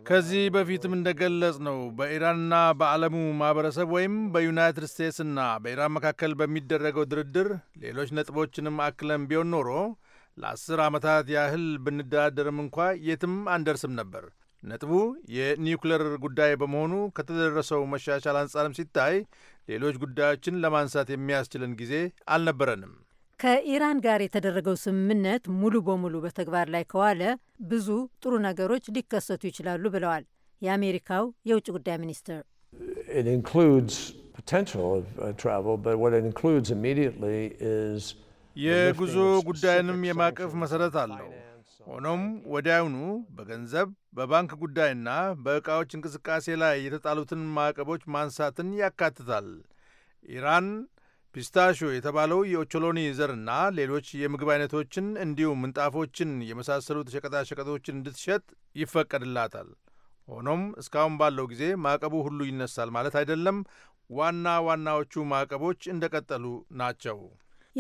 ከዚህ በፊትም እንደገለጽ ነው በኢራንና በዓለሙ ማህበረሰብ ወይም በዩናይትድ ስቴትስና በኢራን መካከል በሚደረገው ድርድር ሌሎች ነጥቦችንም አክለን ቢሆን ኖሮ ለአስር ዓመታት ያህል ብንደራደርም እንኳ የትም አንደርስም ነበር። ነጥቡ የኒውክሌር ጉዳይ በመሆኑ ከተደረሰው መሻሻል አንጻርም ሲታይ ሌሎች ጉዳዮችን ለማንሳት የሚያስችልን ጊዜ አልነበረንም። ከኢራን ጋር የተደረገው ስምምነት ሙሉ በሙሉ በተግባር ላይ ከዋለ ብዙ ጥሩ ነገሮች ሊከሰቱ ይችላሉ ብለዋል የአሜሪካው የውጭ ጉዳይ ሚኒስትር። uh, የጉዞ ጉዳይንም የማቀፍ መሰረት አለው። ሆኖም ወዲያውኑ በገንዘብ በባንክ ጉዳይና በእቃዎች እንቅስቃሴ ላይ የተጣሉትን ማዕቀቦች ማንሳትን ያካትታል። ኢራን ፒስታሽዮ የተባለው የኦቾሎኒ ዘርና ሌሎች የምግብ አይነቶችን እንዲሁም ምንጣፎችን የመሳሰሉት ሸቀጣሸቀጦችን እንድትሸጥ ይፈቀድላታል። ሆኖም እስካሁን ባለው ጊዜ ማዕቀቡ ሁሉ ይነሳል ማለት አይደለም። ዋና ዋናዎቹ ማዕቀቦች እንደቀጠሉ ናቸው።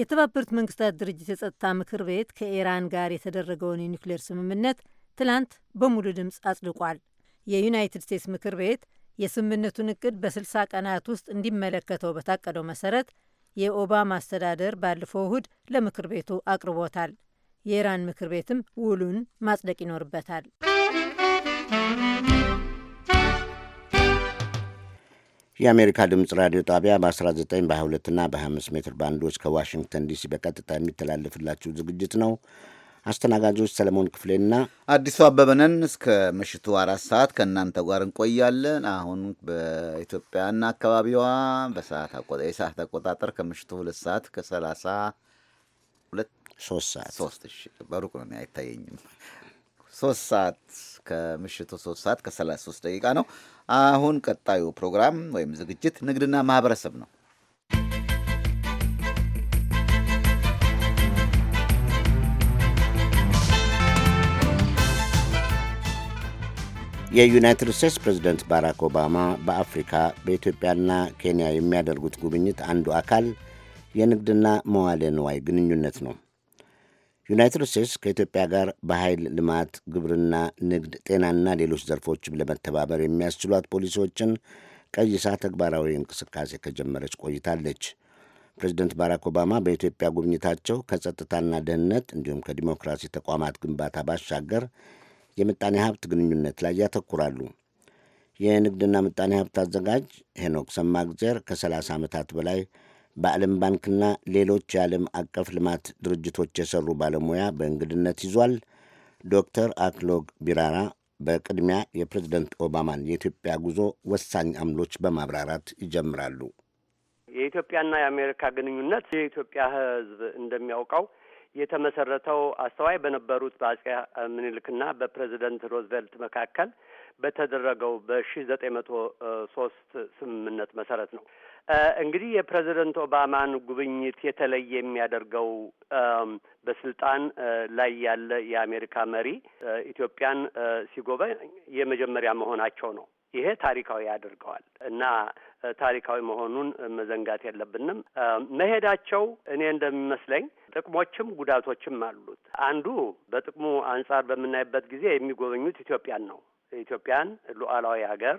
የተባበሩት መንግስታት ድርጅት የጸጥታ ምክር ቤት ከኢራን ጋር የተደረገውን የኒውክሌር ስምምነት ትላንት በሙሉ ድምፅ አጽድቋል። የዩናይትድ ስቴትስ ምክር ቤት የስምምነቱን እቅድ በ60 ቀናት ውስጥ እንዲመለከተው በታቀደው መሰረት የኦባማ አስተዳደር ባለፈው እሁድ ለምክር ቤቱ አቅርቦታል። የኢራን ምክር ቤትም ውሉን ማጽደቅ ይኖርበታል። የአሜሪካ ድምፅ ራዲዮ ጣቢያ በ19 በ22 እና በ25 ሜትር ባንዶች ከዋሽንግተን ዲሲ በቀጥታ የሚተላለፍላችሁ ዝግጅት ነው። አስተናጋጆች ሰለሞን ክፍሌና አዲሱ አበበነን እስከ ምሽቱ አራት ሰዓት ከእናንተ ጋር እንቆያለን። አሁን በኢትዮጵያና አካባቢዋ በሰዓት የሰዓት አቆጣጠር ከምሽቱ ሁለት ሰዓት ከሰላሳ ሁለት ሶስት ሰዓት ሶስት እሺ፣ በሩቅ ነው አይታየኝም። ሶስት ሰዓት ከምሽቱ ሶስት ሰዓት ከሰላሳ ሶስት ደቂቃ ነው። አሁን ቀጣዩ ፕሮግራም ወይም ዝግጅት ንግድና ማህበረሰብ ነው። የዩናይትድ ስቴትስ ፕሬዝደንት ባራክ ኦባማ በአፍሪካ በኢትዮጵያና ኬንያ የሚያደርጉት ጉብኝት አንዱ አካል የንግድና መዋለ ንዋይ ግንኙነት ነው። ዩናይትድ ስቴትስ ከኢትዮጵያ ጋር በኃይል ልማት፣ ግብርና፣ ንግድ፣ ጤናና ሌሎች ዘርፎችም ለመተባበር የሚያስችሏት ፖሊሲዎችን ቀይሳ ተግባራዊ እንቅስቃሴ ከጀመረች ቆይታለች። ፕሬዚደንት ባራክ ኦባማ በኢትዮጵያ ጉብኝታቸው ከጸጥታና ደህንነት እንዲሁም ከዲሞክራሲ ተቋማት ግንባታ ባሻገር የምጣኔ ሀብት ግንኙነት ላይ ያተኩራሉ። የንግድና ምጣኔ ሀብት አዘጋጅ ሄኖክ ሰማግዜር ከ30 ዓመታት በላይ በዓለም ባንክና ሌሎች የዓለም አቀፍ ልማት ድርጅቶች የሰሩ ባለሙያ በእንግድነት ይዟል። ዶክተር አክሎግ ቢራራ በቅድሚያ የፕሬዝደንት ኦባማን የኢትዮጵያ ጉዞ ወሳኝ አምሎች በማብራራት ይጀምራሉ። የኢትዮጵያና የአሜሪካ ግንኙነት የኢትዮጵያ ሕዝብ እንደሚያውቀው የተመሰረተው አስተዋይ በነበሩት በአጼ ምኒልክና በፕሬዚደንት ሮዝቬልት መካከል በተደረገው በሺ ዘጠኝ መቶ ሶስት ስምምነት መሰረት ነው። እንግዲህ የፕሬዚደንት ኦባማን ጉብኝት የተለየ የሚያደርገው በስልጣን ላይ ያለ የአሜሪካ መሪ ኢትዮጵያን ሲጎበኝ የመጀመሪያ መሆናቸው ነው። ይሄ ታሪካዊ ያደርገዋል እና ታሪካዊ መሆኑን መዘንጋት የለብንም። መሄዳቸው እኔ እንደሚመስለኝ ጥቅሞችም ጉዳቶችም አሉት። አንዱ በጥቅሙ አንጻር በምናይበት ጊዜ የሚጎበኙት ኢትዮጵያን ነው። ኢትዮጵያን ሉዓላዊ ሀገር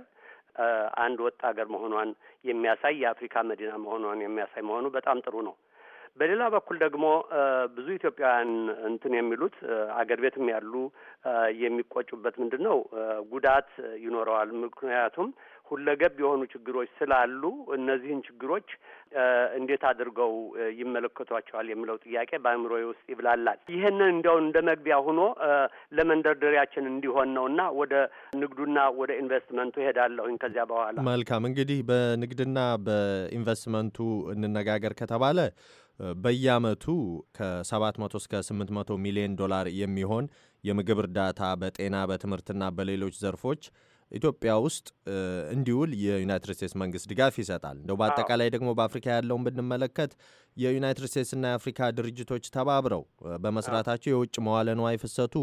አንድ ወጥ ሀገር መሆኗን የሚያሳይ የአፍሪካ መዲና መሆኗን የሚያሳይ መሆኑ በጣም ጥሩ ነው። በሌላ በኩል ደግሞ ብዙ ኢትዮጵያውያን እንትን የሚሉት አገር ቤትም ያሉ የሚቆጩበት ምንድን ነው ጉዳት ይኖረዋል። ምክንያቱም ሁለገብ የሆኑ ችግሮች ስላሉ እነዚህን ችግሮች እንዴት አድርገው ይመለከቷቸዋል የሚለው ጥያቄ በአእምሮ ውስጥ ይብላላል። ይህንን እንዲያው እንደ መግቢያ ሆኖ ለመንደርደሪያችን እንዲሆን እና ወደ ንግዱና ወደ ኢንቨስትመንቱ እሄዳለሁኝ። ከዚያ በኋላ መልካም እንግዲህ በንግድና በኢንቨስትመንቱ እንነጋገር ከተባለ በየአመቱ ከ700 እስከ 800 ሚሊዮን ዶላር የሚሆን የምግብ እርዳታ በጤና በትምህርትና በሌሎች ዘርፎች ኢትዮጵያ ውስጥ እንዲውል የዩናይትድ ስቴትስ መንግስት ድጋፍ ይሰጣል። እንደው በአጠቃላይ ደግሞ በአፍሪካ ያለውን ብንመለከት የዩናይትድ ስቴትስና የአፍሪካ ድርጅቶች ተባብረው በመስራታቸው የውጭ መዋለ ንዋይ ፍሰቱ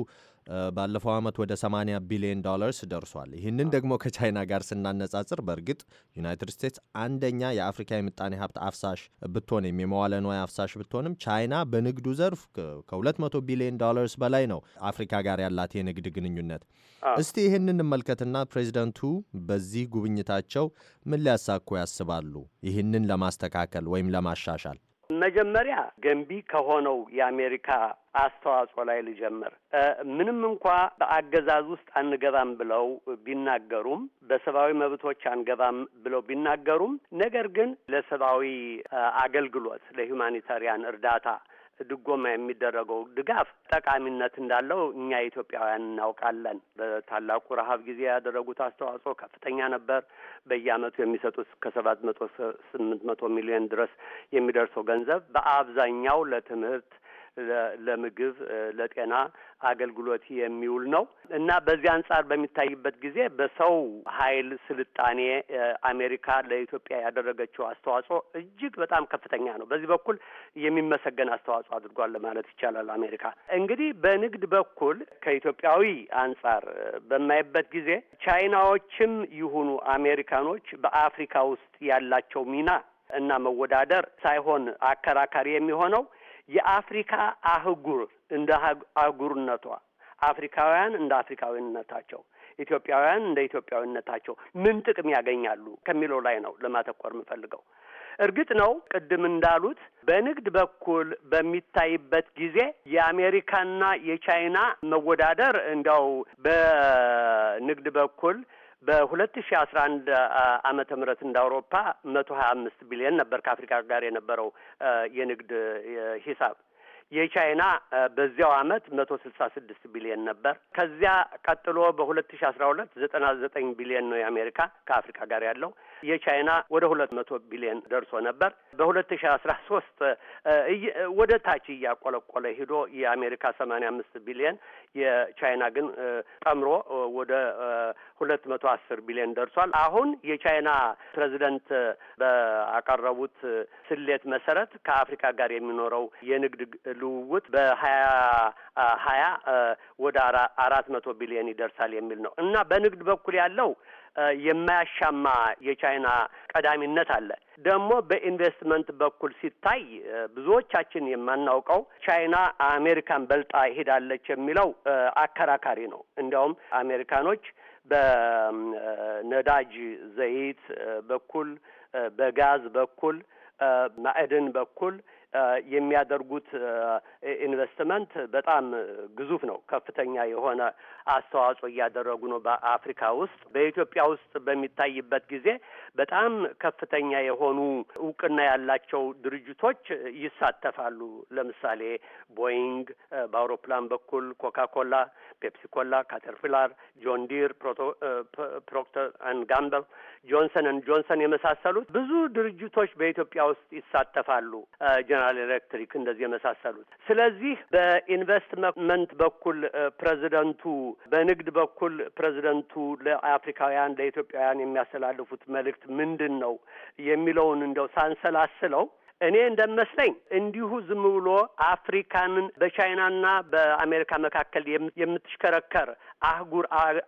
ባለፈው ዓመት ወደ 80 ቢሊዮን ዶላርስ ደርሷል። ይህንን ደግሞ ከቻይና ጋር ስናነጻጽር በእርግጥ ዩናይትድ ስቴትስ አንደኛ የአፍሪካ የምጣኔ ሀብት አፍሳሽ ብትሆንም የመዋለ ንዋይ አፍሳሽ ብትሆንም ቻይና በንግዱ ዘርፍ ከ200 ቢሊዮን ዶላርስ በላይ ነው አፍሪካ ጋር ያላት የንግድ ግንኙነት። እስቲ ይህንን እንመልከትና ፕሬዚደንቱ በዚህ ጉብኝታቸው ምን ሊያሳኩ ያስባሉ? ይህንን ለማስተካከል ወይም ለማሻሻል መጀመሪያ ገንቢ ከሆነው የአሜሪካ አስተዋጽኦ ላይ ልጀምር። ምንም እንኳ በአገዛዝ ውስጥ አንገባም ብለው ቢናገሩም በሰብአዊ መብቶች አንገባም ብለው ቢናገሩም ነገር ግን ለሰብአዊ አገልግሎት ለሁማኒታሪያን እርዳታ ድጎማ የሚደረገው ድጋፍ ጠቃሚነት እንዳለው እኛ ኢትዮጵያውያን እናውቃለን። በታላቁ ረሀብ ጊዜ ያደረጉት አስተዋጽኦ ከፍተኛ ነበር። በየአመቱ የሚሰጡት ከሰባት መቶ ስምንት መቶ ሚሊዮን ድረስ የሚደርሰው ገንዘብ በአብዛኛው ለትምህርት ለምግብ፣ ለጤና አገልግሎት የሚውል ነው እና በዚህ አንጻር በሚታይበት ጊዜ በሰው ኃይል ስልጣኔ አሜሪካ ለኢትዮጵያ ያደረገችው አስተዋጽኦ እጅግ በጣም ከፍተኛ ነው። በዚህ በኩል የሚመሰገን አስተዋጽኦ አድርጓል ለማለት ይቻላል። አሜሪካ እንግዲህ በንግድ በኩል ከኢትዮጵያዊ አንጻር በማይበት ጊዜ ቻይናዎችም ይሁኑ አሜሪካኖች በአፍሪካ ውስጥ ያላቸው ሚና እና መወዳደር ሳይሆን አከራካሪ የሚሆነው የአፍሪካ አህጉር እንደ አህጉርነቷ፣ አፍሪካውያን እንደ አፍሪካዊነታቸው፣ ኢትዮጵያውያን እንደ ኢትዮጵያዊነታቸው ምን ጥቅም ያገኛሉ ከሚለው ላይ ነው ለማተኮር የምፈልገው። እርግጥ ነው ቅድም እንዳሉት በንግድ በኩል በሚታይበት ጊዜ የአሜሪካና የቻይና መወዳደር እንዲያው በንግድ በኩል በሁለት ሺ አስራ አንድ አመተ ምህረት እንደ አውሮፓ መቶ ሀያ አምስት ቢሊየን ነበር ከአፍሪካ ጋር የነበረው የንግድ ሂሳብ። የቻይና በዚያው አመት መቶ ስልሳ ስድስት ቢሊየን ነበር። ከዚያ ቀጥሎ በሁለት ሺ አስራ ሁለት ዘጠና ዘጠኝ ቢሊየን ነው የአሜሪካ ከአፍሪካ ጋር ያለው። የቻይና ወደ ሁለት መቶ ቢሊየን ደርሶ ነበር። በሁለት ሺ አስራ ሶስት ወደ ታች እያቆለቆለ ሂዶ የአሜሪካ ሰማንያ አምስት ቢሊየን የቻይና ግን ጠምሮ ወደ ሁለት መቶ አስር ቢሊዮን ደርሷል። አሁን የቻይና ፕሬዚደንት በአቀረቡት ስሌት መሰረት ከአፍሪካ ጋር የሚኖረው የንግድ ልውውጥ በሀያ ሀያ ወደ አራት መቶ ቢሊዮን ይደርሳል የሚል ነው እና በንግድ በኩል ያለው የማያሻማ የቻይና ቀዳሚነት አለ። ደግሞ በኢንቨስትመንት በኩል ሲታይ ብዙዎቻችን የማናውቀው ቻይና አሜሪካን በልጣ ሄዳለች የሚለው አከራካሪ ነው። እንዲያውም አሜሪካኖች በነዳጅ ዘይት በኩል በጋዝ በኩል ማዕድን በኩል የሚያደርጉት ኢንቨስትመንት በጣም ግዙፍ ነው። ከፍተኛ የሆነ አስተዋጽኦ እያደረጉ ነው በአፍሪካ ውስጥ። በኢትዮጵያ ውስጥ በሚታይበት ጊዜ በጣም ከፍተኛ የሆኑ እውቅና ያላቸው ድርጅቶች ይሳተፋሉ። ለምሳሌ ቦይንግ በአውሮፕላን በኩል፣ ኮካ ኮላ፣ ፔፕሲ ኮላ፣ ካተርፒላር፣ ጆን ዲር፣ ፕሮክተር አንድ ጋምበል፣ ጆንሰን ን ጆንሰን የመሳሰሉት ብዙ ድርጅቶች በኢትዮጵያ ውስጥ ይሳተፋሉ። ጀነራል ኤሌክትሪክ እንደዚህ የመሳሰሉት። ስለዚህ በኢንቨስትመንት በኩል ፕሬዚደንቱ፣ በንግድ በኩል ፕሬዚደንቱ ለአፍሪካውያን ለኢትዮጵያውያን የሚያስተላልፉት መልእክት ምንድን ነው የሚለውን እንደው ሳንሰላስለው እኔ እንደሚመስለኝ እንዲሁ ዝም ብሎ አፍሪካንን በቻይናና በአሜሪካ መካከል የምትሽከረከር አህጉር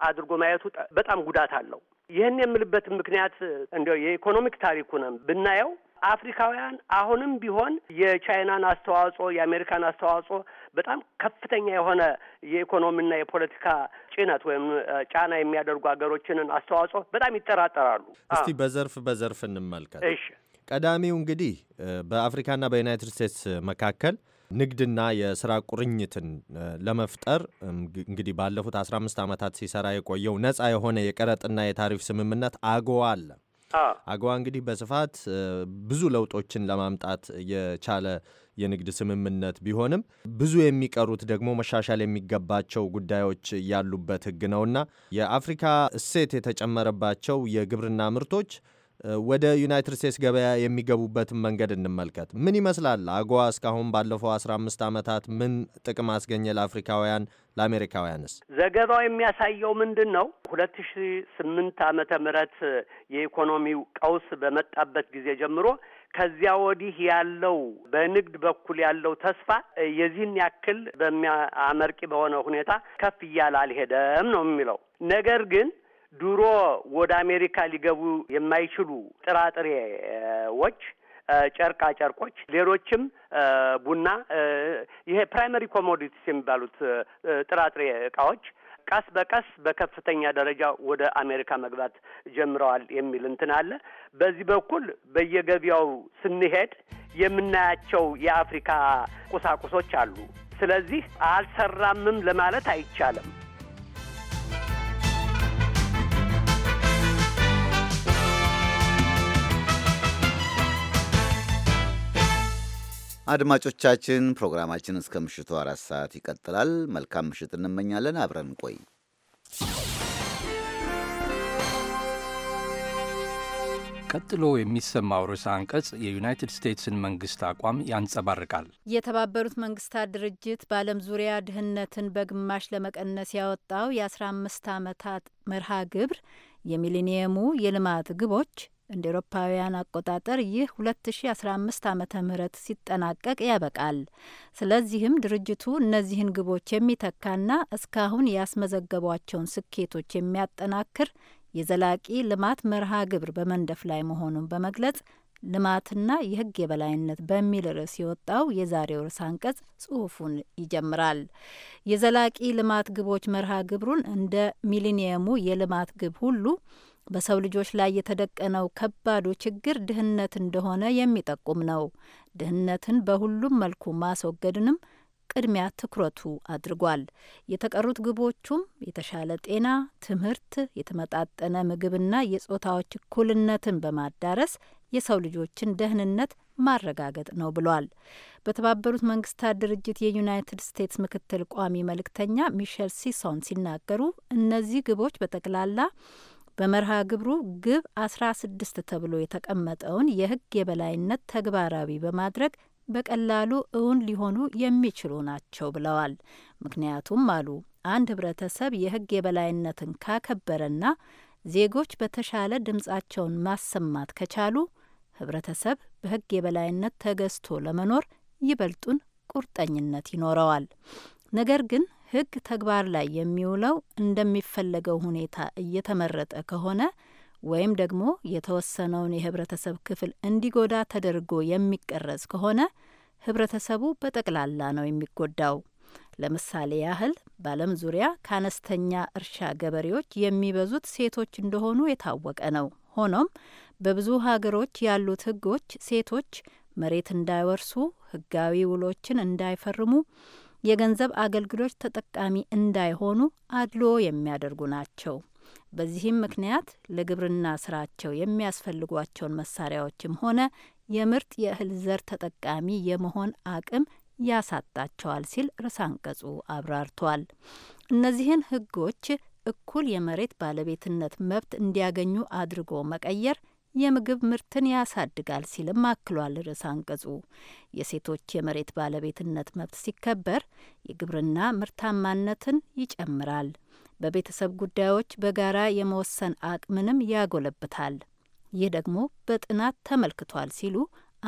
አድርጎ ማየቱ በጣም ጉዳት አለው። ይህን የምልበት ምክንያት እንዲያው የኢኮኖሚክ ታሪኩንም ብናየው አፍሪካውያን አሁንም ቢሆን የቻይናን አስተዋጽኦ የአሜሪካን አስተዋጽኦ በጣም ከፍተኛ የሆነ የኢኮኖሚና የፖለቲካ ጭነት ወይም ጫና የሚያደርጉ ሀገሮችንን አስተዋጽኦ በጣም ይጠራጠራሉ። እስቲ በዘርፍ በዘርፍ እንመልከት። እሺ፣ ቀዳሚው እንግዲህ በአፍሪካና በዩናይትድ ስቴትስ መካከል ንግድና የስራ ቁርኝትን ለመፍጠር እንግዲህ ባለፉት አስራ አምስት ዓመታት ሲሰራ የቆየው ነጻ የሆነ የቀረጥና የታሪፍ ስምምነት አጎዋ አለ። አገዋ እንግዲህ በስፋት ብዙ ለውጦችን ለማምጣት የቻለ የንግድ ስምምነት ቢሆንም ብዙ የሚቀሩት ደግሞ መሻሻል የሚገባቸው ጉዳዮች ያሉበት ህግ ነውና የአፍሪካ እሴት የተጨመረባቸው የግብርና ምርቶች ወደ ዩናይትድ ስቴትስ ገበያ የሚገቡበትን መንገድ እንመልከት። ምን ይመስላል? አጎዋ እስካሁን ባለፈው 15 ዓመታት ምን ጥቅም አስገኘ ለአፍሪካውያን ለአሜሪካውያንስ? ዘገባው የሚያሳየው ምንድን ነው? ሁለት ሺ ስምንት ዓመተ ምህረት የኢኮኖሚው ቀውስ በመጣበት ጊዜ ጀምሮ ከዚያ ወዲህ ያለው በንግድ በኩል ያለው ተስፋ የዚህን ያክል በሚያመርቂ በሆነ ሁኔታ ከፍ እያለ አልሄደም ነው የሚለው ነገር ግን ድሮ ወደ አሜሪካ ሊገቡ የማይችሉ ጥራጥሬዎች፣ ጨርቃ ጨርቆች፣ ሌሎችም ቡና፣ ይሄ ፕራይመሪ ኮሞዲቲስ የሚባሉት ጥራጥሬ እቃዎች ቀስ በቀስ በከፍተኛ ደረጃ ወደ አሜሪካ መግባት ጀምረዋል የሚል እንትን አለ። በዚህ በኩል በየገበያው ስንሄድ የምናያቸው የአፍሪካ ቁሳቁሶች አሉ። ስለዚህ አልሰራምም ለማለት አይቻልም። አድማጮቻችን ፕሮግራማችን እስከ ምሽቱ አራት ሰዓት ይቀጥላል። መልካም ምሽት እንመኛለን። አብረን ቆይ ቀጥሎ የሚሰማው ርዕሰ አንቀጽ የዩናይትድ ስቴትስን መንግስት አቋም ያንጸባርቃል። የተባበሩት መንግስታት ድርጅት በዓለም ዙሪያ ድህነትን በግማሽ ለመቀነስ ያወጣው የ15 ዓመታት መርሃ ግብር የሚሊኒየሙ የልማት ግቦች እንደ ኤሮፓውያን አቆጣጠር ይህ 2015 ዓ ም ሲጠናቀቅ ያበቃል። ስለዚህም ድርጅቱ እነዚህን ግቦች የሚተካና እስካሁን ያስመዘገቧቸውን ስኬቶች የሚያጠናክር የዘላቂ ልማት መርሃ ግብር በመንደፍ ላይ መሆኑን በመግለጽ ልማትና የሕግ የበላይነት በሚል ርዕስ የወጣው የዛሬው ርዕስ አንቀጽ ጽሑፉን ይጀምራል። የዘላቂ ልማት ግቦች መርሃ ግብሩን እንደ ሚሊኒየሙ የልማት ግብ ሁሉ በሰው ልጆች ላይ የተደቀነው ከባዱ ችግር ድህነት እንደሆነ የሚጠቁም ነው። ድህነትን በሁሉም መልኩ ማስወገድንም ቅድሚያ ትኩረቱ አድርጓል። የተቀሩት ግቦቹም የተሻለ ጤና፣ ትምህርት፣ የተመጣጠነ ምግብና የጾታዎች እኩልነትን በማዳረስ የሰው ልጆችን ደህንነት ማረጋገጥ ነው ብሏል። በተባበሩት መንግስታት ድርጅት የዩናይትድ ስቴትስ ምክትል ቋሚ መልእክተኛ ሚሸል ሲሶን ሲናገሩ እነዚህ ግቦች በጠቅላላ በመርሃ ግብሩ ግብ 16 ተብሎ የተቀመጠውን የህግ የበላይነት ተግባራዊ በማድረግ በቀላሉ እውን ሊሆኑ የሚችሉ ናቸው ብለዋል። ምክንያቱም አሉ አንድ ህብረተሰብ የህግ የበላይነትን ካከበረና ዜጎች በተሻለ ድምጻቸውን ማሰማት ከቻሉ ህብረተሰብ በህግ የበላይነት ተገዝቶ ለመኖር ይበልጡን ቁርጠኝነት ይኖረዋል። ነገር ግን ህግ ተግባር ላይ የሚውለው እንደሚፈለገው ሁኔታ እየተመረጠ ከሆነ ወይም ደግሞ የተወሰነውን የህብረተሰብ ክፍል እንዲጎዳ ተደርጎ የሚቀረጽ ከሆነ ህብረተሰቡ በጠቅላላ ነው የሚጎዳው። ለምሳሌ ያህል በዓለም ዙሪያ ከአነስተኛ እርሻ ገበሬዎች የሚበዙት ሴቶች እንደሆኑ የታወቀ ነው። ሆኖም በብዙ ሀገሮች ያሉት ህጎች ሴቶች መሬት እንዳይወርሱ፣ ህጋዊ ውሎችን እንዳይፈርሙ የገንዘብ አገልግሎች ተጠቃሚ እንዳይሆኑ አድሎ የሚያደርጉ ናቸው። በዚህም ምክንያት ለግብርና ስራቸው የሚያስፈልጓቸውን መሳሪያዎችም ሆነ የምርጥ የእህል ዘር ተጠቃሚ የመሆን አቅም ያሳጣቸዋል ሲል ርዕሰ አንቀጹ አብራርቷል። እነዚህን ህጎች እኩል የመሬት ባለቤትነት መብት እንዲያገኙ አድርጎ መቀየር የምግብ ምርትን ያሳድጋል ሲልም አክሏል ርዕስ አንቀጹ። የሴቶች የመሬት ባለቤትነት መብት ሲከበር የግብርና ምርታማነትን ይጨምራል፣ በቤተሰብ ጉዳዮች በጋራ የመወሰን አቅምንም ያጎለብታል። ይህ ደግሞ በጥናት ተመልክቷል ሲሉ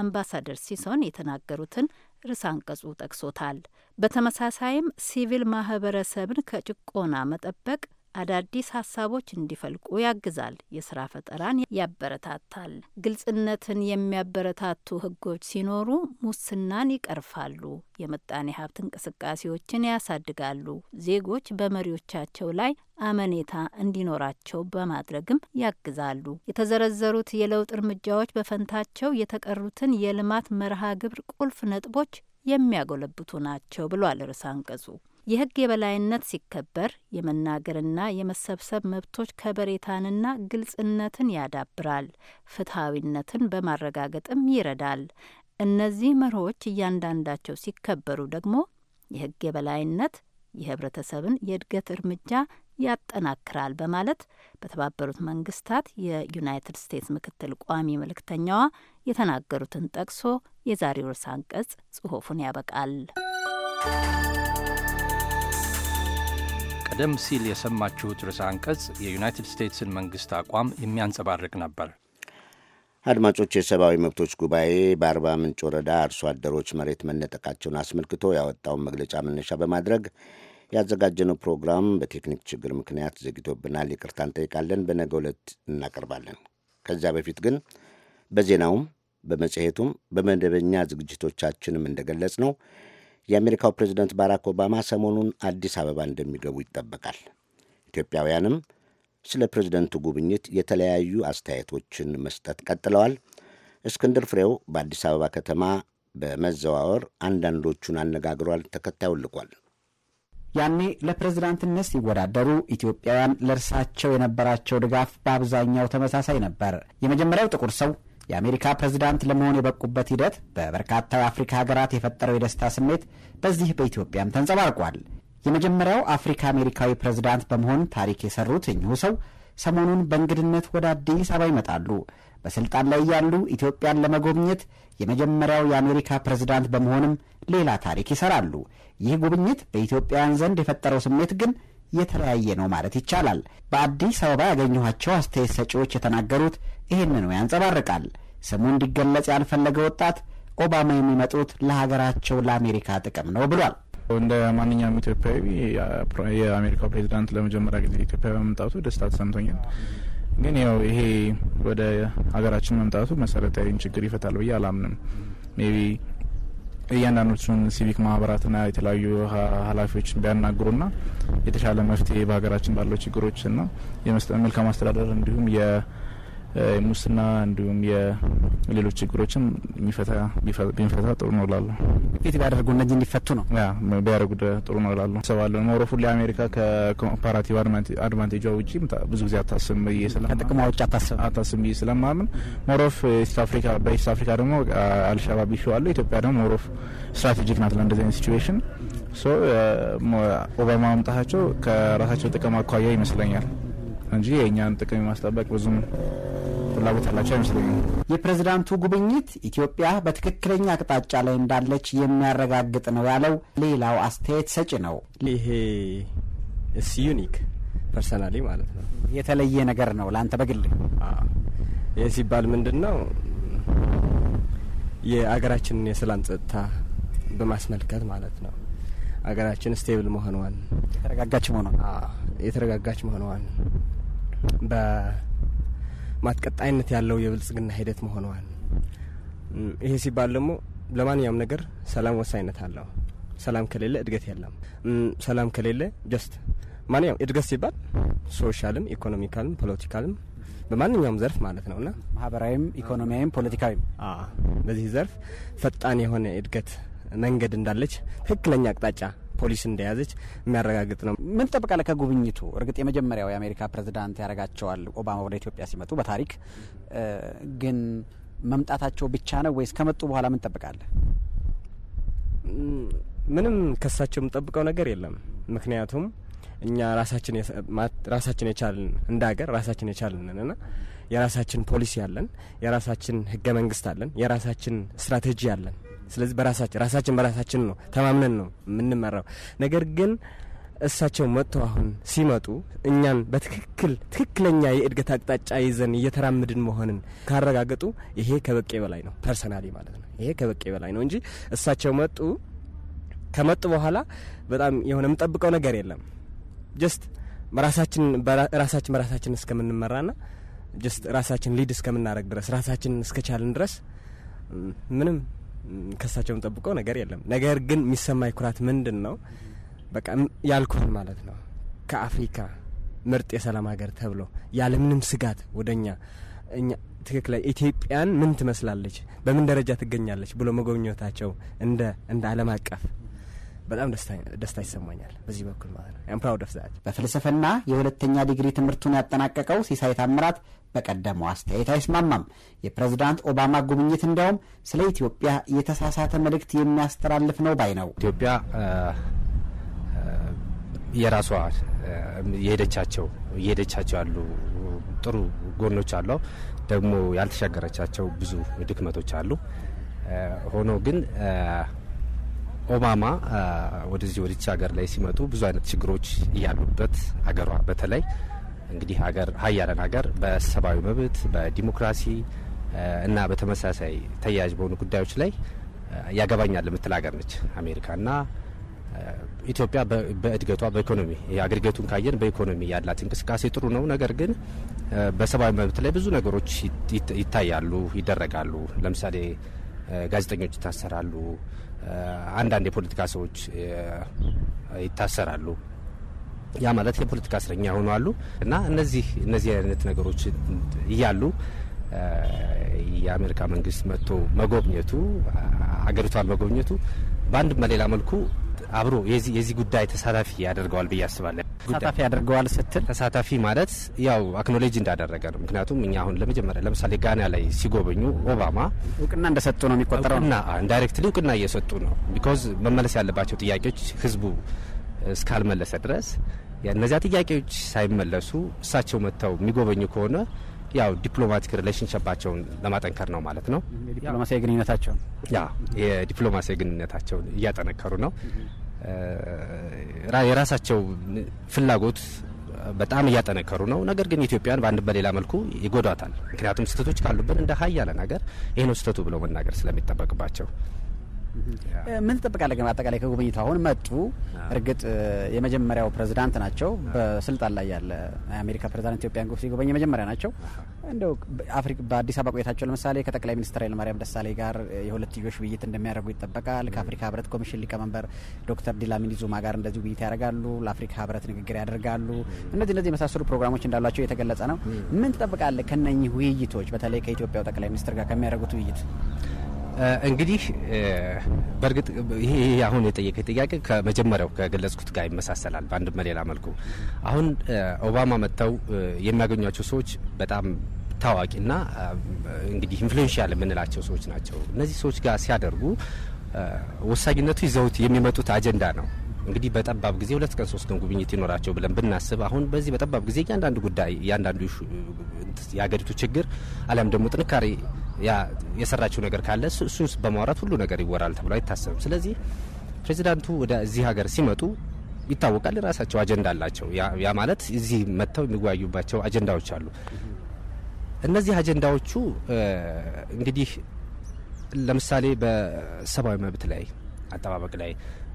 አምባሳደር ሲሶን የተናገሩትን ርዕስ አንቀጹ ጠቅሶታል። በተመሳሳይም ሲቪል ማህበረሰብን ከጭቆና መጠበቅ አዳዲስ ሀሳቦች እንዲፈልቁ ያግዛል፣ የስራ ፈጠራን ያበረታታል። ግልጽነትን የሚያበረታቱ ህጎች ሲኖሩ ሙስናን ይቀርፋሉ፣ የምጣኔ ሀብት እንቅስቃሴዎችን ያሳድጋሉ፣ ዜጎች በመሪዎቻቸው ላይ አመኔታ እንዲኖራቸው በማድረግም ያግዛሉ። የተዘረዘሩት የለውጥ እርምጃዎች በፈንታቸው የተቀሩትን የልማት መርሃ ግብር ቁልፍ ነጥቦች የሚያጎለብቱ ናቸው ብሏል ርዕሰ አንቀጹ። የህግ የበላይነት ሲከበር የመናገርና የመሰብሰብ መብቶች ከበሬታንና ግልጽነትን ያዳብራል፣ ፍትሐዊነትን በማረጋገጥም ይረዳል። እነዚህ መርሆች እያንዳንዳቸው ሲከበሩ ደግሞ የህግ የበላይነት የህብረተሰብን የእድገት እርምጃ ያጠናክራል በማለት በተባበሩት መንግስታት የዩናይትድ ስቴትስ ምክትል ቋሚ መልእክተኛዋ የተናገሩትን ጠቅሶ የዛሬው ርዕሰ አንቀጽ ጽሑፉን ያበቃል። ቀደም ሲል የሰማችሁት ርዕሰ አንቀጽ የዩናይትድ ስቴትስን መንግስት አቋም የሚያንጸባርቅ ነበር። አድማጮች፣ የሰብአዊ መብቶች ጉባኤ በአርባ ምንጭ ወረዳ አርሶ አደሮች መሬት መነጠቃቸውን አስመልክቶ ያወጣውን መግለጫ መነሻ በማድረግ ያዘጋጀነው ፕሮግራም በቴክኒክ ችግር ምክንያት ዘግቶብናል። ይቅርታ እንጠይቃለን። በነገ ዕለት እናቀርባለን። ከዚያ በፊት ግን በዜናውም በመጽሔቱም በመደበኛ ዝግጅቶቻችንም እንደገለጽ ነው የአሜሪካው ፕሬዚደንት ባራክ ኦባማ ሰሞኑን አዲስ አበባ እንደሚገቡ ይጠበቃል። ኢትዮጵያውያንም ስለ ፕሬዚደንቱ ጉብኝት የተለያዩ አስተያየቶችን መስጠት ቀጥለዋል። እስክንድር ፍሬው በአዲስ አበባ ከተማ በመዘዋወር አንዳንዶቹን አነጋግሯል። ተከታዩን ልኳል። ያኔ ለፕሬዝዳንትነት ሲወዳደሩ ኢትዮጵያውያን ለእርሳቸው የነበራቸው ድጋፍ በአብዛኛው ተመሳሳይ ነበር። የመጀመሪያው ጥቁር ሰው የአሜሪካ ፕሬዝዳንት ለመሆን የበቁበት ሂደት በበርካታ የአፍሪካ ሀገራት የፈጠረው የደስታ ስሜት በዚህ በኢትዮጵያም ተንጸባርቋል። የመጀመሪያው አፍሪካ አሜሪካዊ ፕሬዝዳንት በመሆን ታሪክ የሰሩት እኚሁ ሰው ሰሞኑን በእንግድነት ወደ አዲስ አበባ ይመጣሉ። በስልጣን ላይ ያሉ ኢትዮጵያን ለመጎብኘት የመጀመሪያው የአሜሪካ ፕሬዝዳንት በመሆንም ሌላ ታሪክ ይሰራሉ። ይህ ጉብኝት በኢትዮጵያውያን ዘንድ የፈጠረው ስሜት ግን የተለያየ ነው ማለት ይቻላል። በአዲስ አበባ ያገኘኋቸው አስተያየት ሰጪዎች የተናገሩት ይህንኑ ያንጸባርቃል። ስሙ እንዲገለጽ ያልፈለገ ወጣት ኦባማ የሚመጡት ለሀገራቸው ለአሜሪካ ጥቅም ነው ብሏል። እንደ ማንኛውም ኢትዮጵያዊ የአሜሪካው ፕሬዚዳንት ለመጀመሪያ ጊዜ ኢትዮጵያ በመምጣቱ ደስታ ተሰምቶኛል። ግን ያው ይሄ ወደ ሀገራችን መምጣቱ መሰረታዊን ችግር ይፈታል ብዬ አላምንም። ሜቢ እያንዳንዶቹን ሲቪክ ማህበራትና የተለያዩ ኃላፊዎችን ቢያናግሩና የተሻለ መፍትሄ በሀገራችን ባለው ችግሮች የመልካም አስተዳደር እንዲሁም የሙስና እንዲሁም የሌሎች ችግሮችም ቢፈታ ጥሩ ነው ላሉ ፊት ቢያደርጉ እነዚህ እንዲፈቱ ነው ቢያደርጉ ጥሩ ነው ላሉ ሰባለ ሞሮፉ ለአሜሪካ ከኮምፓራቲቭ አድቫንቴጇ ውጭ ብዙ ጊዜ አታስብም ብዬ ስለማጥቅማ ውጭ አታስብ አታስብ ብዬ ስለማምን ሞሮፍ ኢስት አፍሪካ በኢስት አፍሪካ ደግሞ አልሻባብ ኢሹ አለ። ኢትዮጵያ ደግሞ ሞሮፍ ስትራቴጂክ ናት ለእንደዚህ አይነት ሲትዌሽን ሶ ኦባማ መምጣታቸው ከራሳቸው ጥቅም አኳያ ይመስለኛል። እንጂ የእኛን ጥቅም የማስጠበቅ ብዙም ፍላጎት ያላቸው አይመስለኝም። የፕሬዝዳንቱ ጉብኝት ኢትዮጵያ በትክክለኛ አቅጣጫ ላይ እንዳለች የሚያረጋግጥ ነው ያለው ሌላው አስተያየት ሰጪ ነው። ይሄ ዩኒክ ፐርሰናሊ ማለት ነው የተለየ ነገር ነው ለአንተ በግል ይህ ሲባል ምንድን ነው የአገራችንን የሰላም ጸጥታ በማስመልከት ማለት ነው። አገራችን ስቴብል መሆኗን የተረጋጋች መሆኗን የተረጋጋች መሆኗን በማትቀጣይነት ያለው የብልጽግና ሂደት መሆነዋል። ይሄ ሲባል ደግሞ ለማንኛውም ነገር ሰላም ወሳኝነት አለው። ሰላም ከሌለ እድገት የለም። ሰላም ከሌለ ጀስት ማንኛውም እድገት ሲባል ሶሻልም፣ ኢኮኖሚካልም፣ ፖለቲካልም በማንኛውም ዘርፍ ማለት ነውና ማህበራዊም፣ ኢኮኖሚያዊም፣ ፖለቲካዊም በዚህ ዘርፍ ፈጣን የሆነ እድገት መንገድ እንዳለች ትክክለኛ አቅጣጫ ፖሊስ እንደያዘች የሚያረጋግጥ ነው። ምን ጠብቃለ ከጉብኝቱ? እርግጥ የመጀመሪያው የአሜሪካ ፕሬዚዳንት ያደርጋቸዋል ኦባማ ወደ ኢትዮጵያ ሲመጡ በታሪክ ግን መምጣታቸው ብቻ ነው ወይስ ከመጡ በኋላ ምን ጠብቃለ? ምንም ከሳቸው የምጠብቀው ነገር የለም። ምክንያቱም እኛ ራሳችን የቻልን እንደ ሀገር ራሳችን የቻልንንና የራሳችን ፖሊሲ አለን፣ የራሳችን ህገ መንግስት አለን፣ የራሳችን ስትራቴጂ አለን። ስለዚህ በራሳችን ራሳችን በራሳችን ነው ተማምነን ነው የምንመራው። ነገር ግን እሳቸው መጥተው አሁን ሲመጡ እኛን በትክክል ትክክለኛ የእድገት አቅጣጫ ይዘን እየተራምድን መሆንን ካረጋገጡ ይሄ ከበቄ በላይ ነው። ፐርሰናሊ ማለት ነው። ይሄ ከበቄ በላይ ነው እንጂ እሳቸው መጡ ከመጡ በኋላ በጣም የሆነ የምጠብቀው ነገር የለም። ጀስት ራሳችን ራሳችን በራሳችን እስከምንመራና ጀስት ራሳችን ሊድ እስከምናደረግ ድረስ ራሳችን እስከቻልን ድረስ ምንም ከሳቸውም ጠብቀው ነገር የለም። ነገር ግን የሚሰማኝ ኩራት ምንድን ነው? በቃ ያልኩህን ማለት ነው ከአፍሪካ ምርጥ የሰላም ሀገር ተብሎ ያለምንም ስጋት ወደ እኛ እኛ ትክክል ኢትዮጵያን ምን ትመስላለች፣ በምን ደረጃ ትገኛለች ብሎ መጎብኘታቸው እንደ እንደ አለም አቀፍ በጣም ደስታ ይሰማኛል በዚህ በኩል ማለት ነው። ኦፍ ዛት። በፍልስፍና የሁለተኛ ዲግሪ ትምህርቱን ያጠናቀቀው ሲሳይ ታምራት በቀደመው አስተያየት አይስማማም። የፕሬዝዳንት ኦባማ ጉብኝት እንዲያውም ስለ ኢትዮጵያ የተሳሳተ መልእክት የሚያስተላልፍ ነው ባይ ነው። ኢትዮጵያ የራሷ የሄደቻቸው እየሄደቻቸው ያሉ ጥሩ ጎኖች አለው፣ ደግሞ ያልተሻገረቻቸው ብዙ ድክመቶች አሉ። ሆኖ ግን ኦባማ ወደዚህ ወደች ሀገር ላይ ሲመጡ ብዙ አይነት ችግሮች ያሉበት ሀገሯ በተለይ እንግዲህ ሀገር ሀያለን ሀገር በሰብአዊ መብት በዲሞክራሲ እና በተመሳሳይ ተያያዥ በሆኑ ጉዳዮች ላይ ያገባኛል የምትል ሀገር ነች እና ኢትዮጵያ በእድገቷ በኢኮኖሚ አግሪጌቱን ካየን በኢኮኖሚ ያላት እንቅስቃሴ ጥሩ ነው። ነገር ግን በሰብአዊ መብት ላይ ብዙ ነገሮች ይታያሉ፣ ይደረጋሉ። ለምሳሌ ጋዜጠኞች ይታሰራሉ፣ አንዳንድ የፖለቲካ ሰዎች ይታሰራሉ። ያ ማለት የፖለቲካ እስረኛ የሆኑ አሉ እና እነዚህ እነዚህ አይነት ነገሮች እያሉ የአሜሪካ መንግስት መጥቶ መጎብኘቱ አገሪቷን መጎብኘቱ በአንድም በሌላ መልኩ አብሮ የዚህ ጉዳይ ተሳታፊ ያደርገዋል ብዬ አስባለሁ። ተሳታፊ ያደርገዋል ስትል ተሳታፊ ማለት ያው አክኖሌጅ እንዳደረገ ነው። ምክንያቱም እኛ አሁን ለመጀመሪያ ለምሳሌ ጋና ላይ ሲጎበኙ ኦባማ እውቅና እንደሰጡ ነው የሚቆጠረው እና ዳይሬክትሊ እውቅና እየሰጡ ነው። ቢኮዝ መመለስ ያለባቸው ጥያቄዎች ህዝቡ እስካልመለሰ ድረስ እነዚያ ጥያቄዎች ሳይመለሱ እሳቸው መጥተው የሚጎበኙ ከሆነ ያው ዲፕሎማቲክ ሪሌሽንሽፓቸውን ለማጠንከር ነው ማለት ነው። ዲፕሎማሲያዊ ግንኙነታቸውን ያ የዲፕሎማሲያዊ ግንኙነታቸውን እያጠነከሩ ነው። የራሳቸው ፍላጎት በጣም እያጠነከሩ ነው። ነገር ግን ኢትዮጵያን በአንድ በሌላ መልኩ ይጎዷታል። ምክንያቱም ስህተቶች ካሉብን እንደ ሀያለን ሀገር ይህ ነው ስህተቱ ብለው መናገር ስለሚጠበቅባቸው ምን ትጠብቃለህ ግን አጠቃላይ ከጉብኝቱ? አሁን መጡ። እርግጥ የመጀመሪያው ፕሬዚዳንት ናቸው በስልጣን ላይ ያለ የአሜሪካ ፕሬዚዳንት ኢትዮጵያን ሲጎበኝ የመጀመሪያ ናቸው። እንደው አፍሪካ በአዲስ አበባ ቆይታቸው ለምሳሌ ከጠቅላይ ሚኒስትር ኃይለማርያም ደሳሌ ጋር የሁለትዮሽ ውይይት እንደሚያደርጉ ይጠበቃል። ከአፍሪካ ህብረት ኮሚሽን ሊቀመንበር ዶክተር ዲላሚኒ ዙማ ጋር እንደዚህ ውይይት ያደርጋሉ። ለአፍሪካ ህብረት ንግግር ያደርጋሉ። እነዚህ እነዚህ የመሳሰሉ ፕሮግራሞች እንዳሏቸው የተገለጸ ነው። ምን ትጠብቃለህ ከነኚህ ውይይቶች በተለይ ከኢትዮጵያው ጠቅላይ ሚኒስትር ጋር ከሚያደርጉት ውይይት? እንግዲህ በእርግጥ ይሄ አሁን የጠየቀ ጥያቄ ከመጀመሪያው ከገለጽኩት ጋር ይመሳሰላል በአንድ በሌላ መልኩ። አሁን ኦባማ መጥተው የሚያገኟቸው ሰዎች በጣም ታዋቂና እንግዲህ ኢንፍሉዌንሻል የምንላቸው ሰዎች ናቸው። እነዚህ ሰዎች ጋር ሲያደርጉ ወሳኝነቱ ይዘውት የሚመጡት አጀንዳ ነው። እንግዲህ በጠባብ ጊዜ ሁለት ቀን ሶስት ቀን ጉብኝት ይኖራቸው ብለን ብናስብ አሁን በዚህ በጠባብ ጊዜ እያንዳንዱ ጉዳይ እያንዳንዱ የሀገሪቱ ችግር አሊያም ደግሞ ጥንካሬ ያ የሰራችው ነገር ካለ እሱስ በማውራት ሁሉ ነገር ይወራል ተብሎ አይታሰብም። ስለዚህ ፕሬዚዳንቱ ወደዚህ ሀገር ሲመጡ ይታወቃል፣ ራሳቸው አጀንዳ አላቸው። ያ ማለት እዚህ መጥተው የሚወያዩባቸው አጀንዳዎች አሉ። እነዚህ አጀንዳዎቹ እንግዲህ ለምሳሌ በሰብአዊ መብት ላይ አጠባበቅ ላይ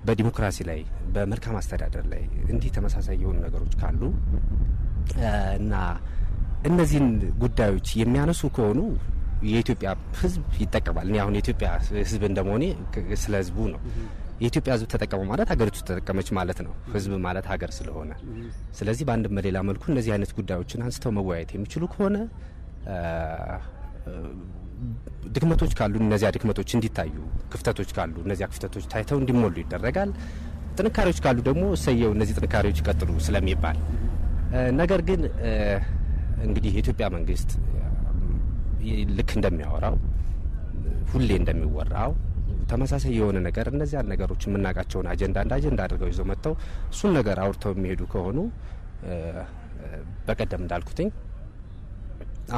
በዲሞክራሲ ላይ በመልካም አስተዳደር ላይ እንዲህ ተመሳሳይ የሆኑ ነገሮች ካሉ እና እነዚህን ጉዳዮች የሚያነሱ ከሆኑ የኢትዮጵያ ህዝብ ይጠቀማል። እኔ አሁን የኢትዮጵያ ህዝብ እንደመሆኔ ስለ ህዝቡ ነው። የኢትዮጵያ ህዝብ ተጠቀመ ማለት ሀገሪቱ ተጠቀመች ማለት ነው። ህዝብ ማለት ሀገር ስለሆነ፣ ስለዚህ በአንድም በሌላ መልኩ እነዚህ አይነት ጉዳዮችን አንስተው መወያየት የሚችሉ ከሆነ ድክመቶች ካሉ እነዚያ ድክመቶች እንዲታዩ፣ ክፍተቶች ካሉ እነዚያ ክፍተቶች ታይተው እንዲሞሉ ይደረጋል። ጥንካሬዎች ካሉ ደግሞ እሰየው እነዚህ ጥንካሬዎች ይቀጥሉ ስለሚባል ነገር ግን እንግዲህ የኢትዮጵያ መንግስት ልክ እንደሚያወራው ሁሌ እንደሚወራው ተመሳሳይ የሆነ ነገር እነዚያን ነገሮች የምናውቃቸውን አጀንዳ እንደ አጀንዳ አድርገው ይዘው መጥተው እሱን ነገር አውርተው የሚሄዱ ከሆኑ በቀደም እንዳልኩትኝ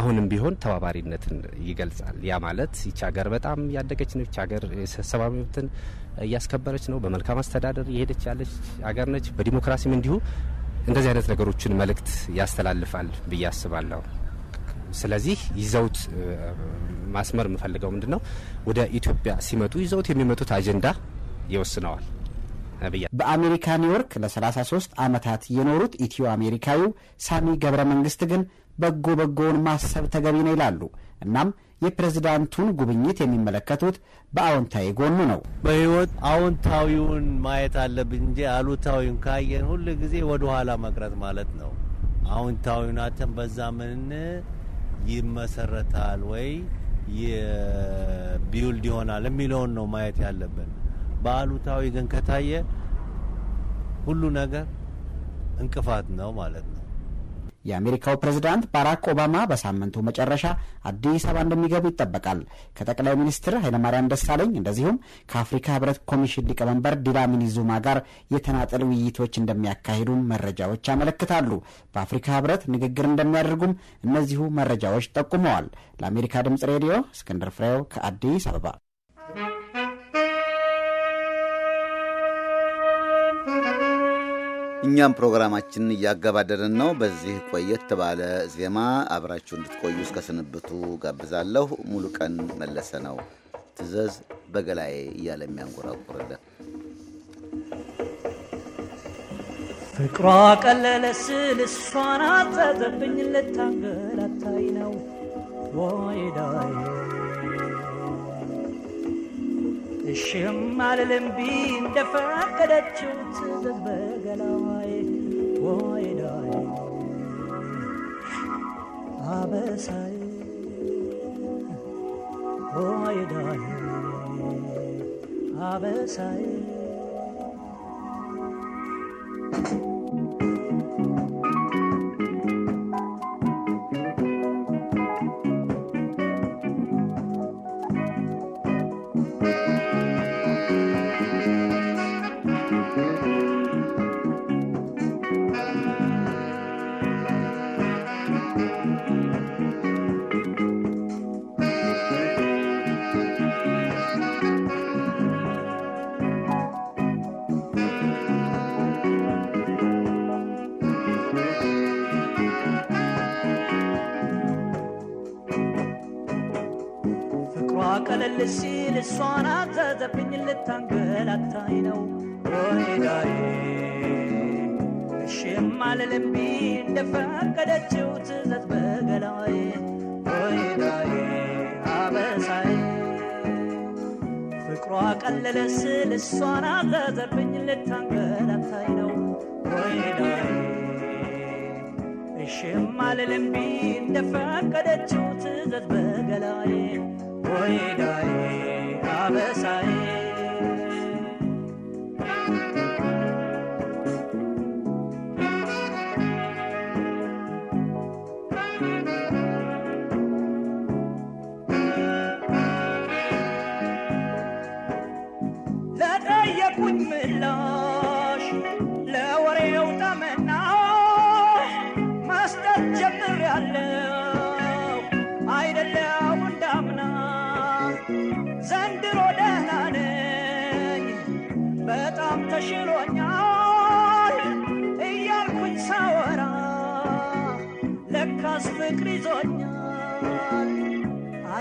አሁንም ቢሆን ተባባሪነትን ይገልጻል። ያ ማለት ይቺ ሀገር በጣም ያደገች ነው ነች። ሀገር ሰብአዊ መብትን እያስከበረች ነው። በመልካም አስተዳደር እየሄደች ያለች ሀገር ነች። በዲሞክራሲም እንዲሁ እንደዚህ አይነት ነገሮችን መልእክት ያስተላልፋል ብዬ አስባለሁ። ስለዚህ ይዘውት ማስመር የምፈልገው ምንድን ነው፣ ወደ ኢትዮጵያ ሲመጡ ይዘውት የሚመጡት አጀንዳ ይወስነዋል። በአሜሪካ ኒውዮርክ ለ33 ዓመታት የኖሩት ኢትዮ አሜሪካዊው ሳሚ ገብረ መንግስት ግን በጎ በጎውን ማሰብ ተገቢ ነው ይላሉ። እናም የፕሬዝዳንቱን ጉብኝት የሚመለከቱት በአዎንታዊ ጎኑ ነው። በህይወት አዎንታዊውን ማየት አለብን እንጂ አሉታዊውን ካየን ሁል ጊዜ ወደኋላ መቅረት ማለት ነው። አዎንታዊናትን በዛ ምንን ይመሰረታል ወይ ቢውልድ ይሆናል የሚለውን ነው ማየት ያለብን። በአሉታዊ ግን ከታየ ሁሉ ነገር እንቅፋት ነው ማለት ነው። የአሜሪካው ፕሬዝዳንት ባራክ ኦባማ በሳምንቱ መጨረሻ አዲስ አበባ እንደሚገቡ ይጠበቃል። ከጠቅላይ ሚኒስትር ኃይለማርያም ደሳለኝ እንደዚሁም ከአፍሪካ ህብረት ኮሚሽን ሊቀመንበር ዲላሚኒ ዙማ ጋር የተናጠል ውይይቶች እንደሚያካሂዱም መረጃዎች ያመለክታሉ። በአፍሪካ ህብረት ንግግር እንደሚያደርጉም እነዚሁ መረጃዎች ጠቁመዋል። ለአሜሪካ ድምጽ ሬዲዮ እስክንድር ፍሬው ከአዲስ አበባ እኛም ፕሮግራማችንን እያገባደድን ነው። በዚህ ቆየት ባለ ዜማ አብራችሁ እንድትቆዩ እስከ ስንብቱ ጋብዛለሁ። ቀን መለሰ ነው ትዘዝ በገላዬ እያለ የሚያንጎራጉርልን ፍቅሯ ቀለለ ስል እሷን አጸጠብኝ ልታንገላታይ ነው ወይዳዬ እሽም አልልም ቢ እንደፈቀደችው ትዘዝ በገላዋይ ወይዳይ አበሳይ ወይዳይ አበሳይ ያቀደችው ትዘት በገላዬ ወይዳዬ አበሳዬ ፍቅሯ ቀለለ ስል እሷን አዘዘብኝ ነው እሽም እንደፈቀደችው በገላዬ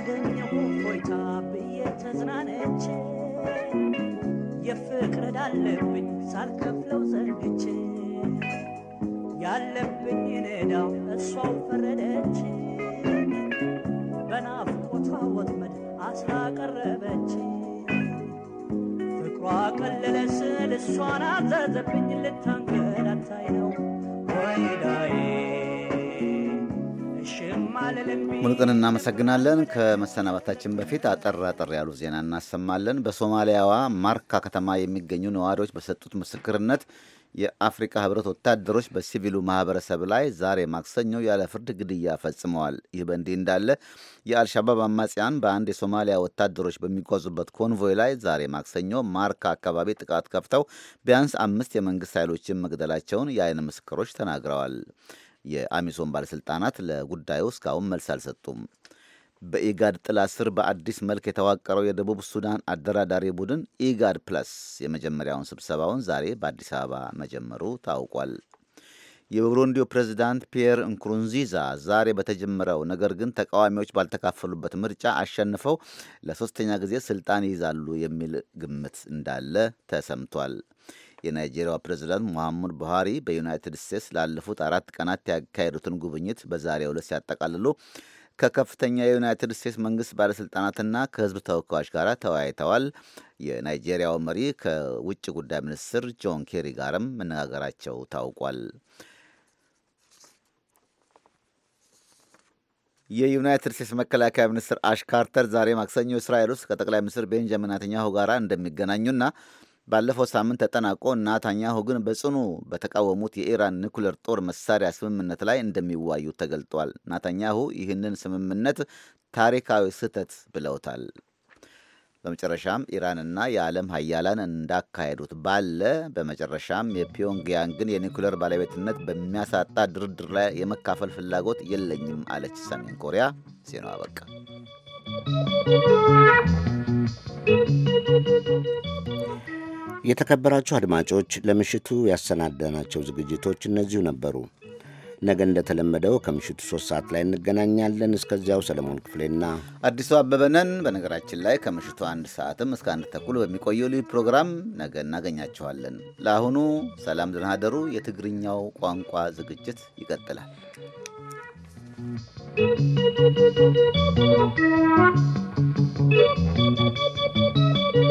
አገኘሁ ሆይታ ብዬ ተዝናነች የፍቅር ዳለብኝ ሳልከፍለው ዘንግች ያለብኝ ነዳ እሷው ፈረደች በናፍቆቷ ወጥመድ አስላቀረበች ፍቅሯ ቀለለ ስል እሷን አዘዘብ ሙሉቅን እናመሰግናለን። ከመሰናባታችን በፊት አጠር አጠር ያሉ ዜና እናሰማለን። በሶማሊያዋ ማርካ ከተማ የሚገኙ ነዋሪዎች በሰጡት ምስክርነት የአፍሪካ ህብረት ወታደሮች በሲቪሉ ማህበረሰብ ላይ ዛሬ ማክሰኞ ያለ ፍርድ ግድያ ፈጽመዋል። ይህ በእንዲህ እንዳለ የአልሻባብ አማጽያን በአንድ የሶማሊያ ወታደሮች በሚጓዙበት ኮንቮይ ላይ ዛሬ ማክሰኞ ማርካ አካባቢ ጥቃት ከፍተው ቢያንስ አምስት የመንግስት ኃይሎችን መግደላቸውን የአይን ምስክሮች ተናግረዋል። የአሚሶም ባለሥልጣናት ለጉዳዩ እስካሁን መልስ አልሰጡም። በኢጋድ ጥላ ስር በአዲስ መልክ የተዋቀረው የደቡብ ሱዳን አደራዳሪ ቡድን ኢጋድ ፕለስ የመጀመሪያውን ስብሰባውን ዛሬ በአዲስ አበባ መጀመሩ ታውቋል። የቡሩንዲው ፕሬዚዳንት ፒየር እንኩሩንዚዛ ዛሬ በተጀመረው ነገር ግን ተቃዋሚዎች ባልተካፈሉበት ምርጫ አሸንፈው ለሶስተኛ ጊዜ ስልጣን ይይዛሉ የሚል ግምት እንዳለ ተሰምቷል። የናይጄሪያው ፕሬዚዳንት ሙሐመድ ቡሃሪ በዩናይትድ ስቴትስ ላለፉት አራት ቀናት ያካሄዱትን ጉብኝት በዛሬው ዕለት ሲያጠቃልሉ ከከፍተኛ የዩናይትድ ስቴትስ መንግስት ባለሥልጣናትና ከህዝብ ተወካዮች ጋር ተወያይተዋል። የናይጄሪያው መሪ ከውጭ ጉዳይ ሚኒስትር ጆን ኬሪ ጋርም መነጋገራቸው ታውቋል። የዩናይትድ ስቴትስ መከላከያ ሚኒስትር አሽ ካርተር ዛሬ ማክሰኞ እስራኤል ውስጥ ከጠቅላይ ሚኒስትር ቤንጃሚን ናተኛሁ ጋር እንደሚገናኙና ባለፈው ሳምንት ተጠናቆ ናታኛሁ ግን በጽኑ በተቃወሙት የኢራን ኒኩሌር ጦር መሳሪያ ስምምነት ላይ እንደሚዋዩ ተገልጧል። ናታኛሁ ይህንን ስምምነት ታሪካዊ ስህተት ብለውታል። በመጨረሻም ኢራንና የዓለም ሀያላን እንዳካሄዱት ባለ በመጨረሻም የፒዮንግያንግን የኒኩሌር ባለቤትነት በሚያሳጣ ድርድር ላይ የመካፈል ፍላጎት የለኝም አለች ሰሜን ኮሪያ። ዜናው አበቃ። የተከበራችሁ አድማጮች ለምሽቱ ያሰናዳናቸው ዝግጅቶች እነዚሁ ነበሩ። ነገ እንደተለመደው ከምሽቱ ሶስት ሰዓት ላይ እንገናኛለን። እስከዚያው ሰለሞን ክፍሌና አዲሱ አበበነን። በነገራችን ላይ ከምሽቱ አንድ ሰዓትም እስከ አንድ ተኩል በሚቆየው ልዩ ፕሮግራም ነገ እናገኛችኋለን። ለአሁኑ ሰላም ደህና የትግርኛው ቋንቋ ዝግጅት ይቀጥላል። Thank you.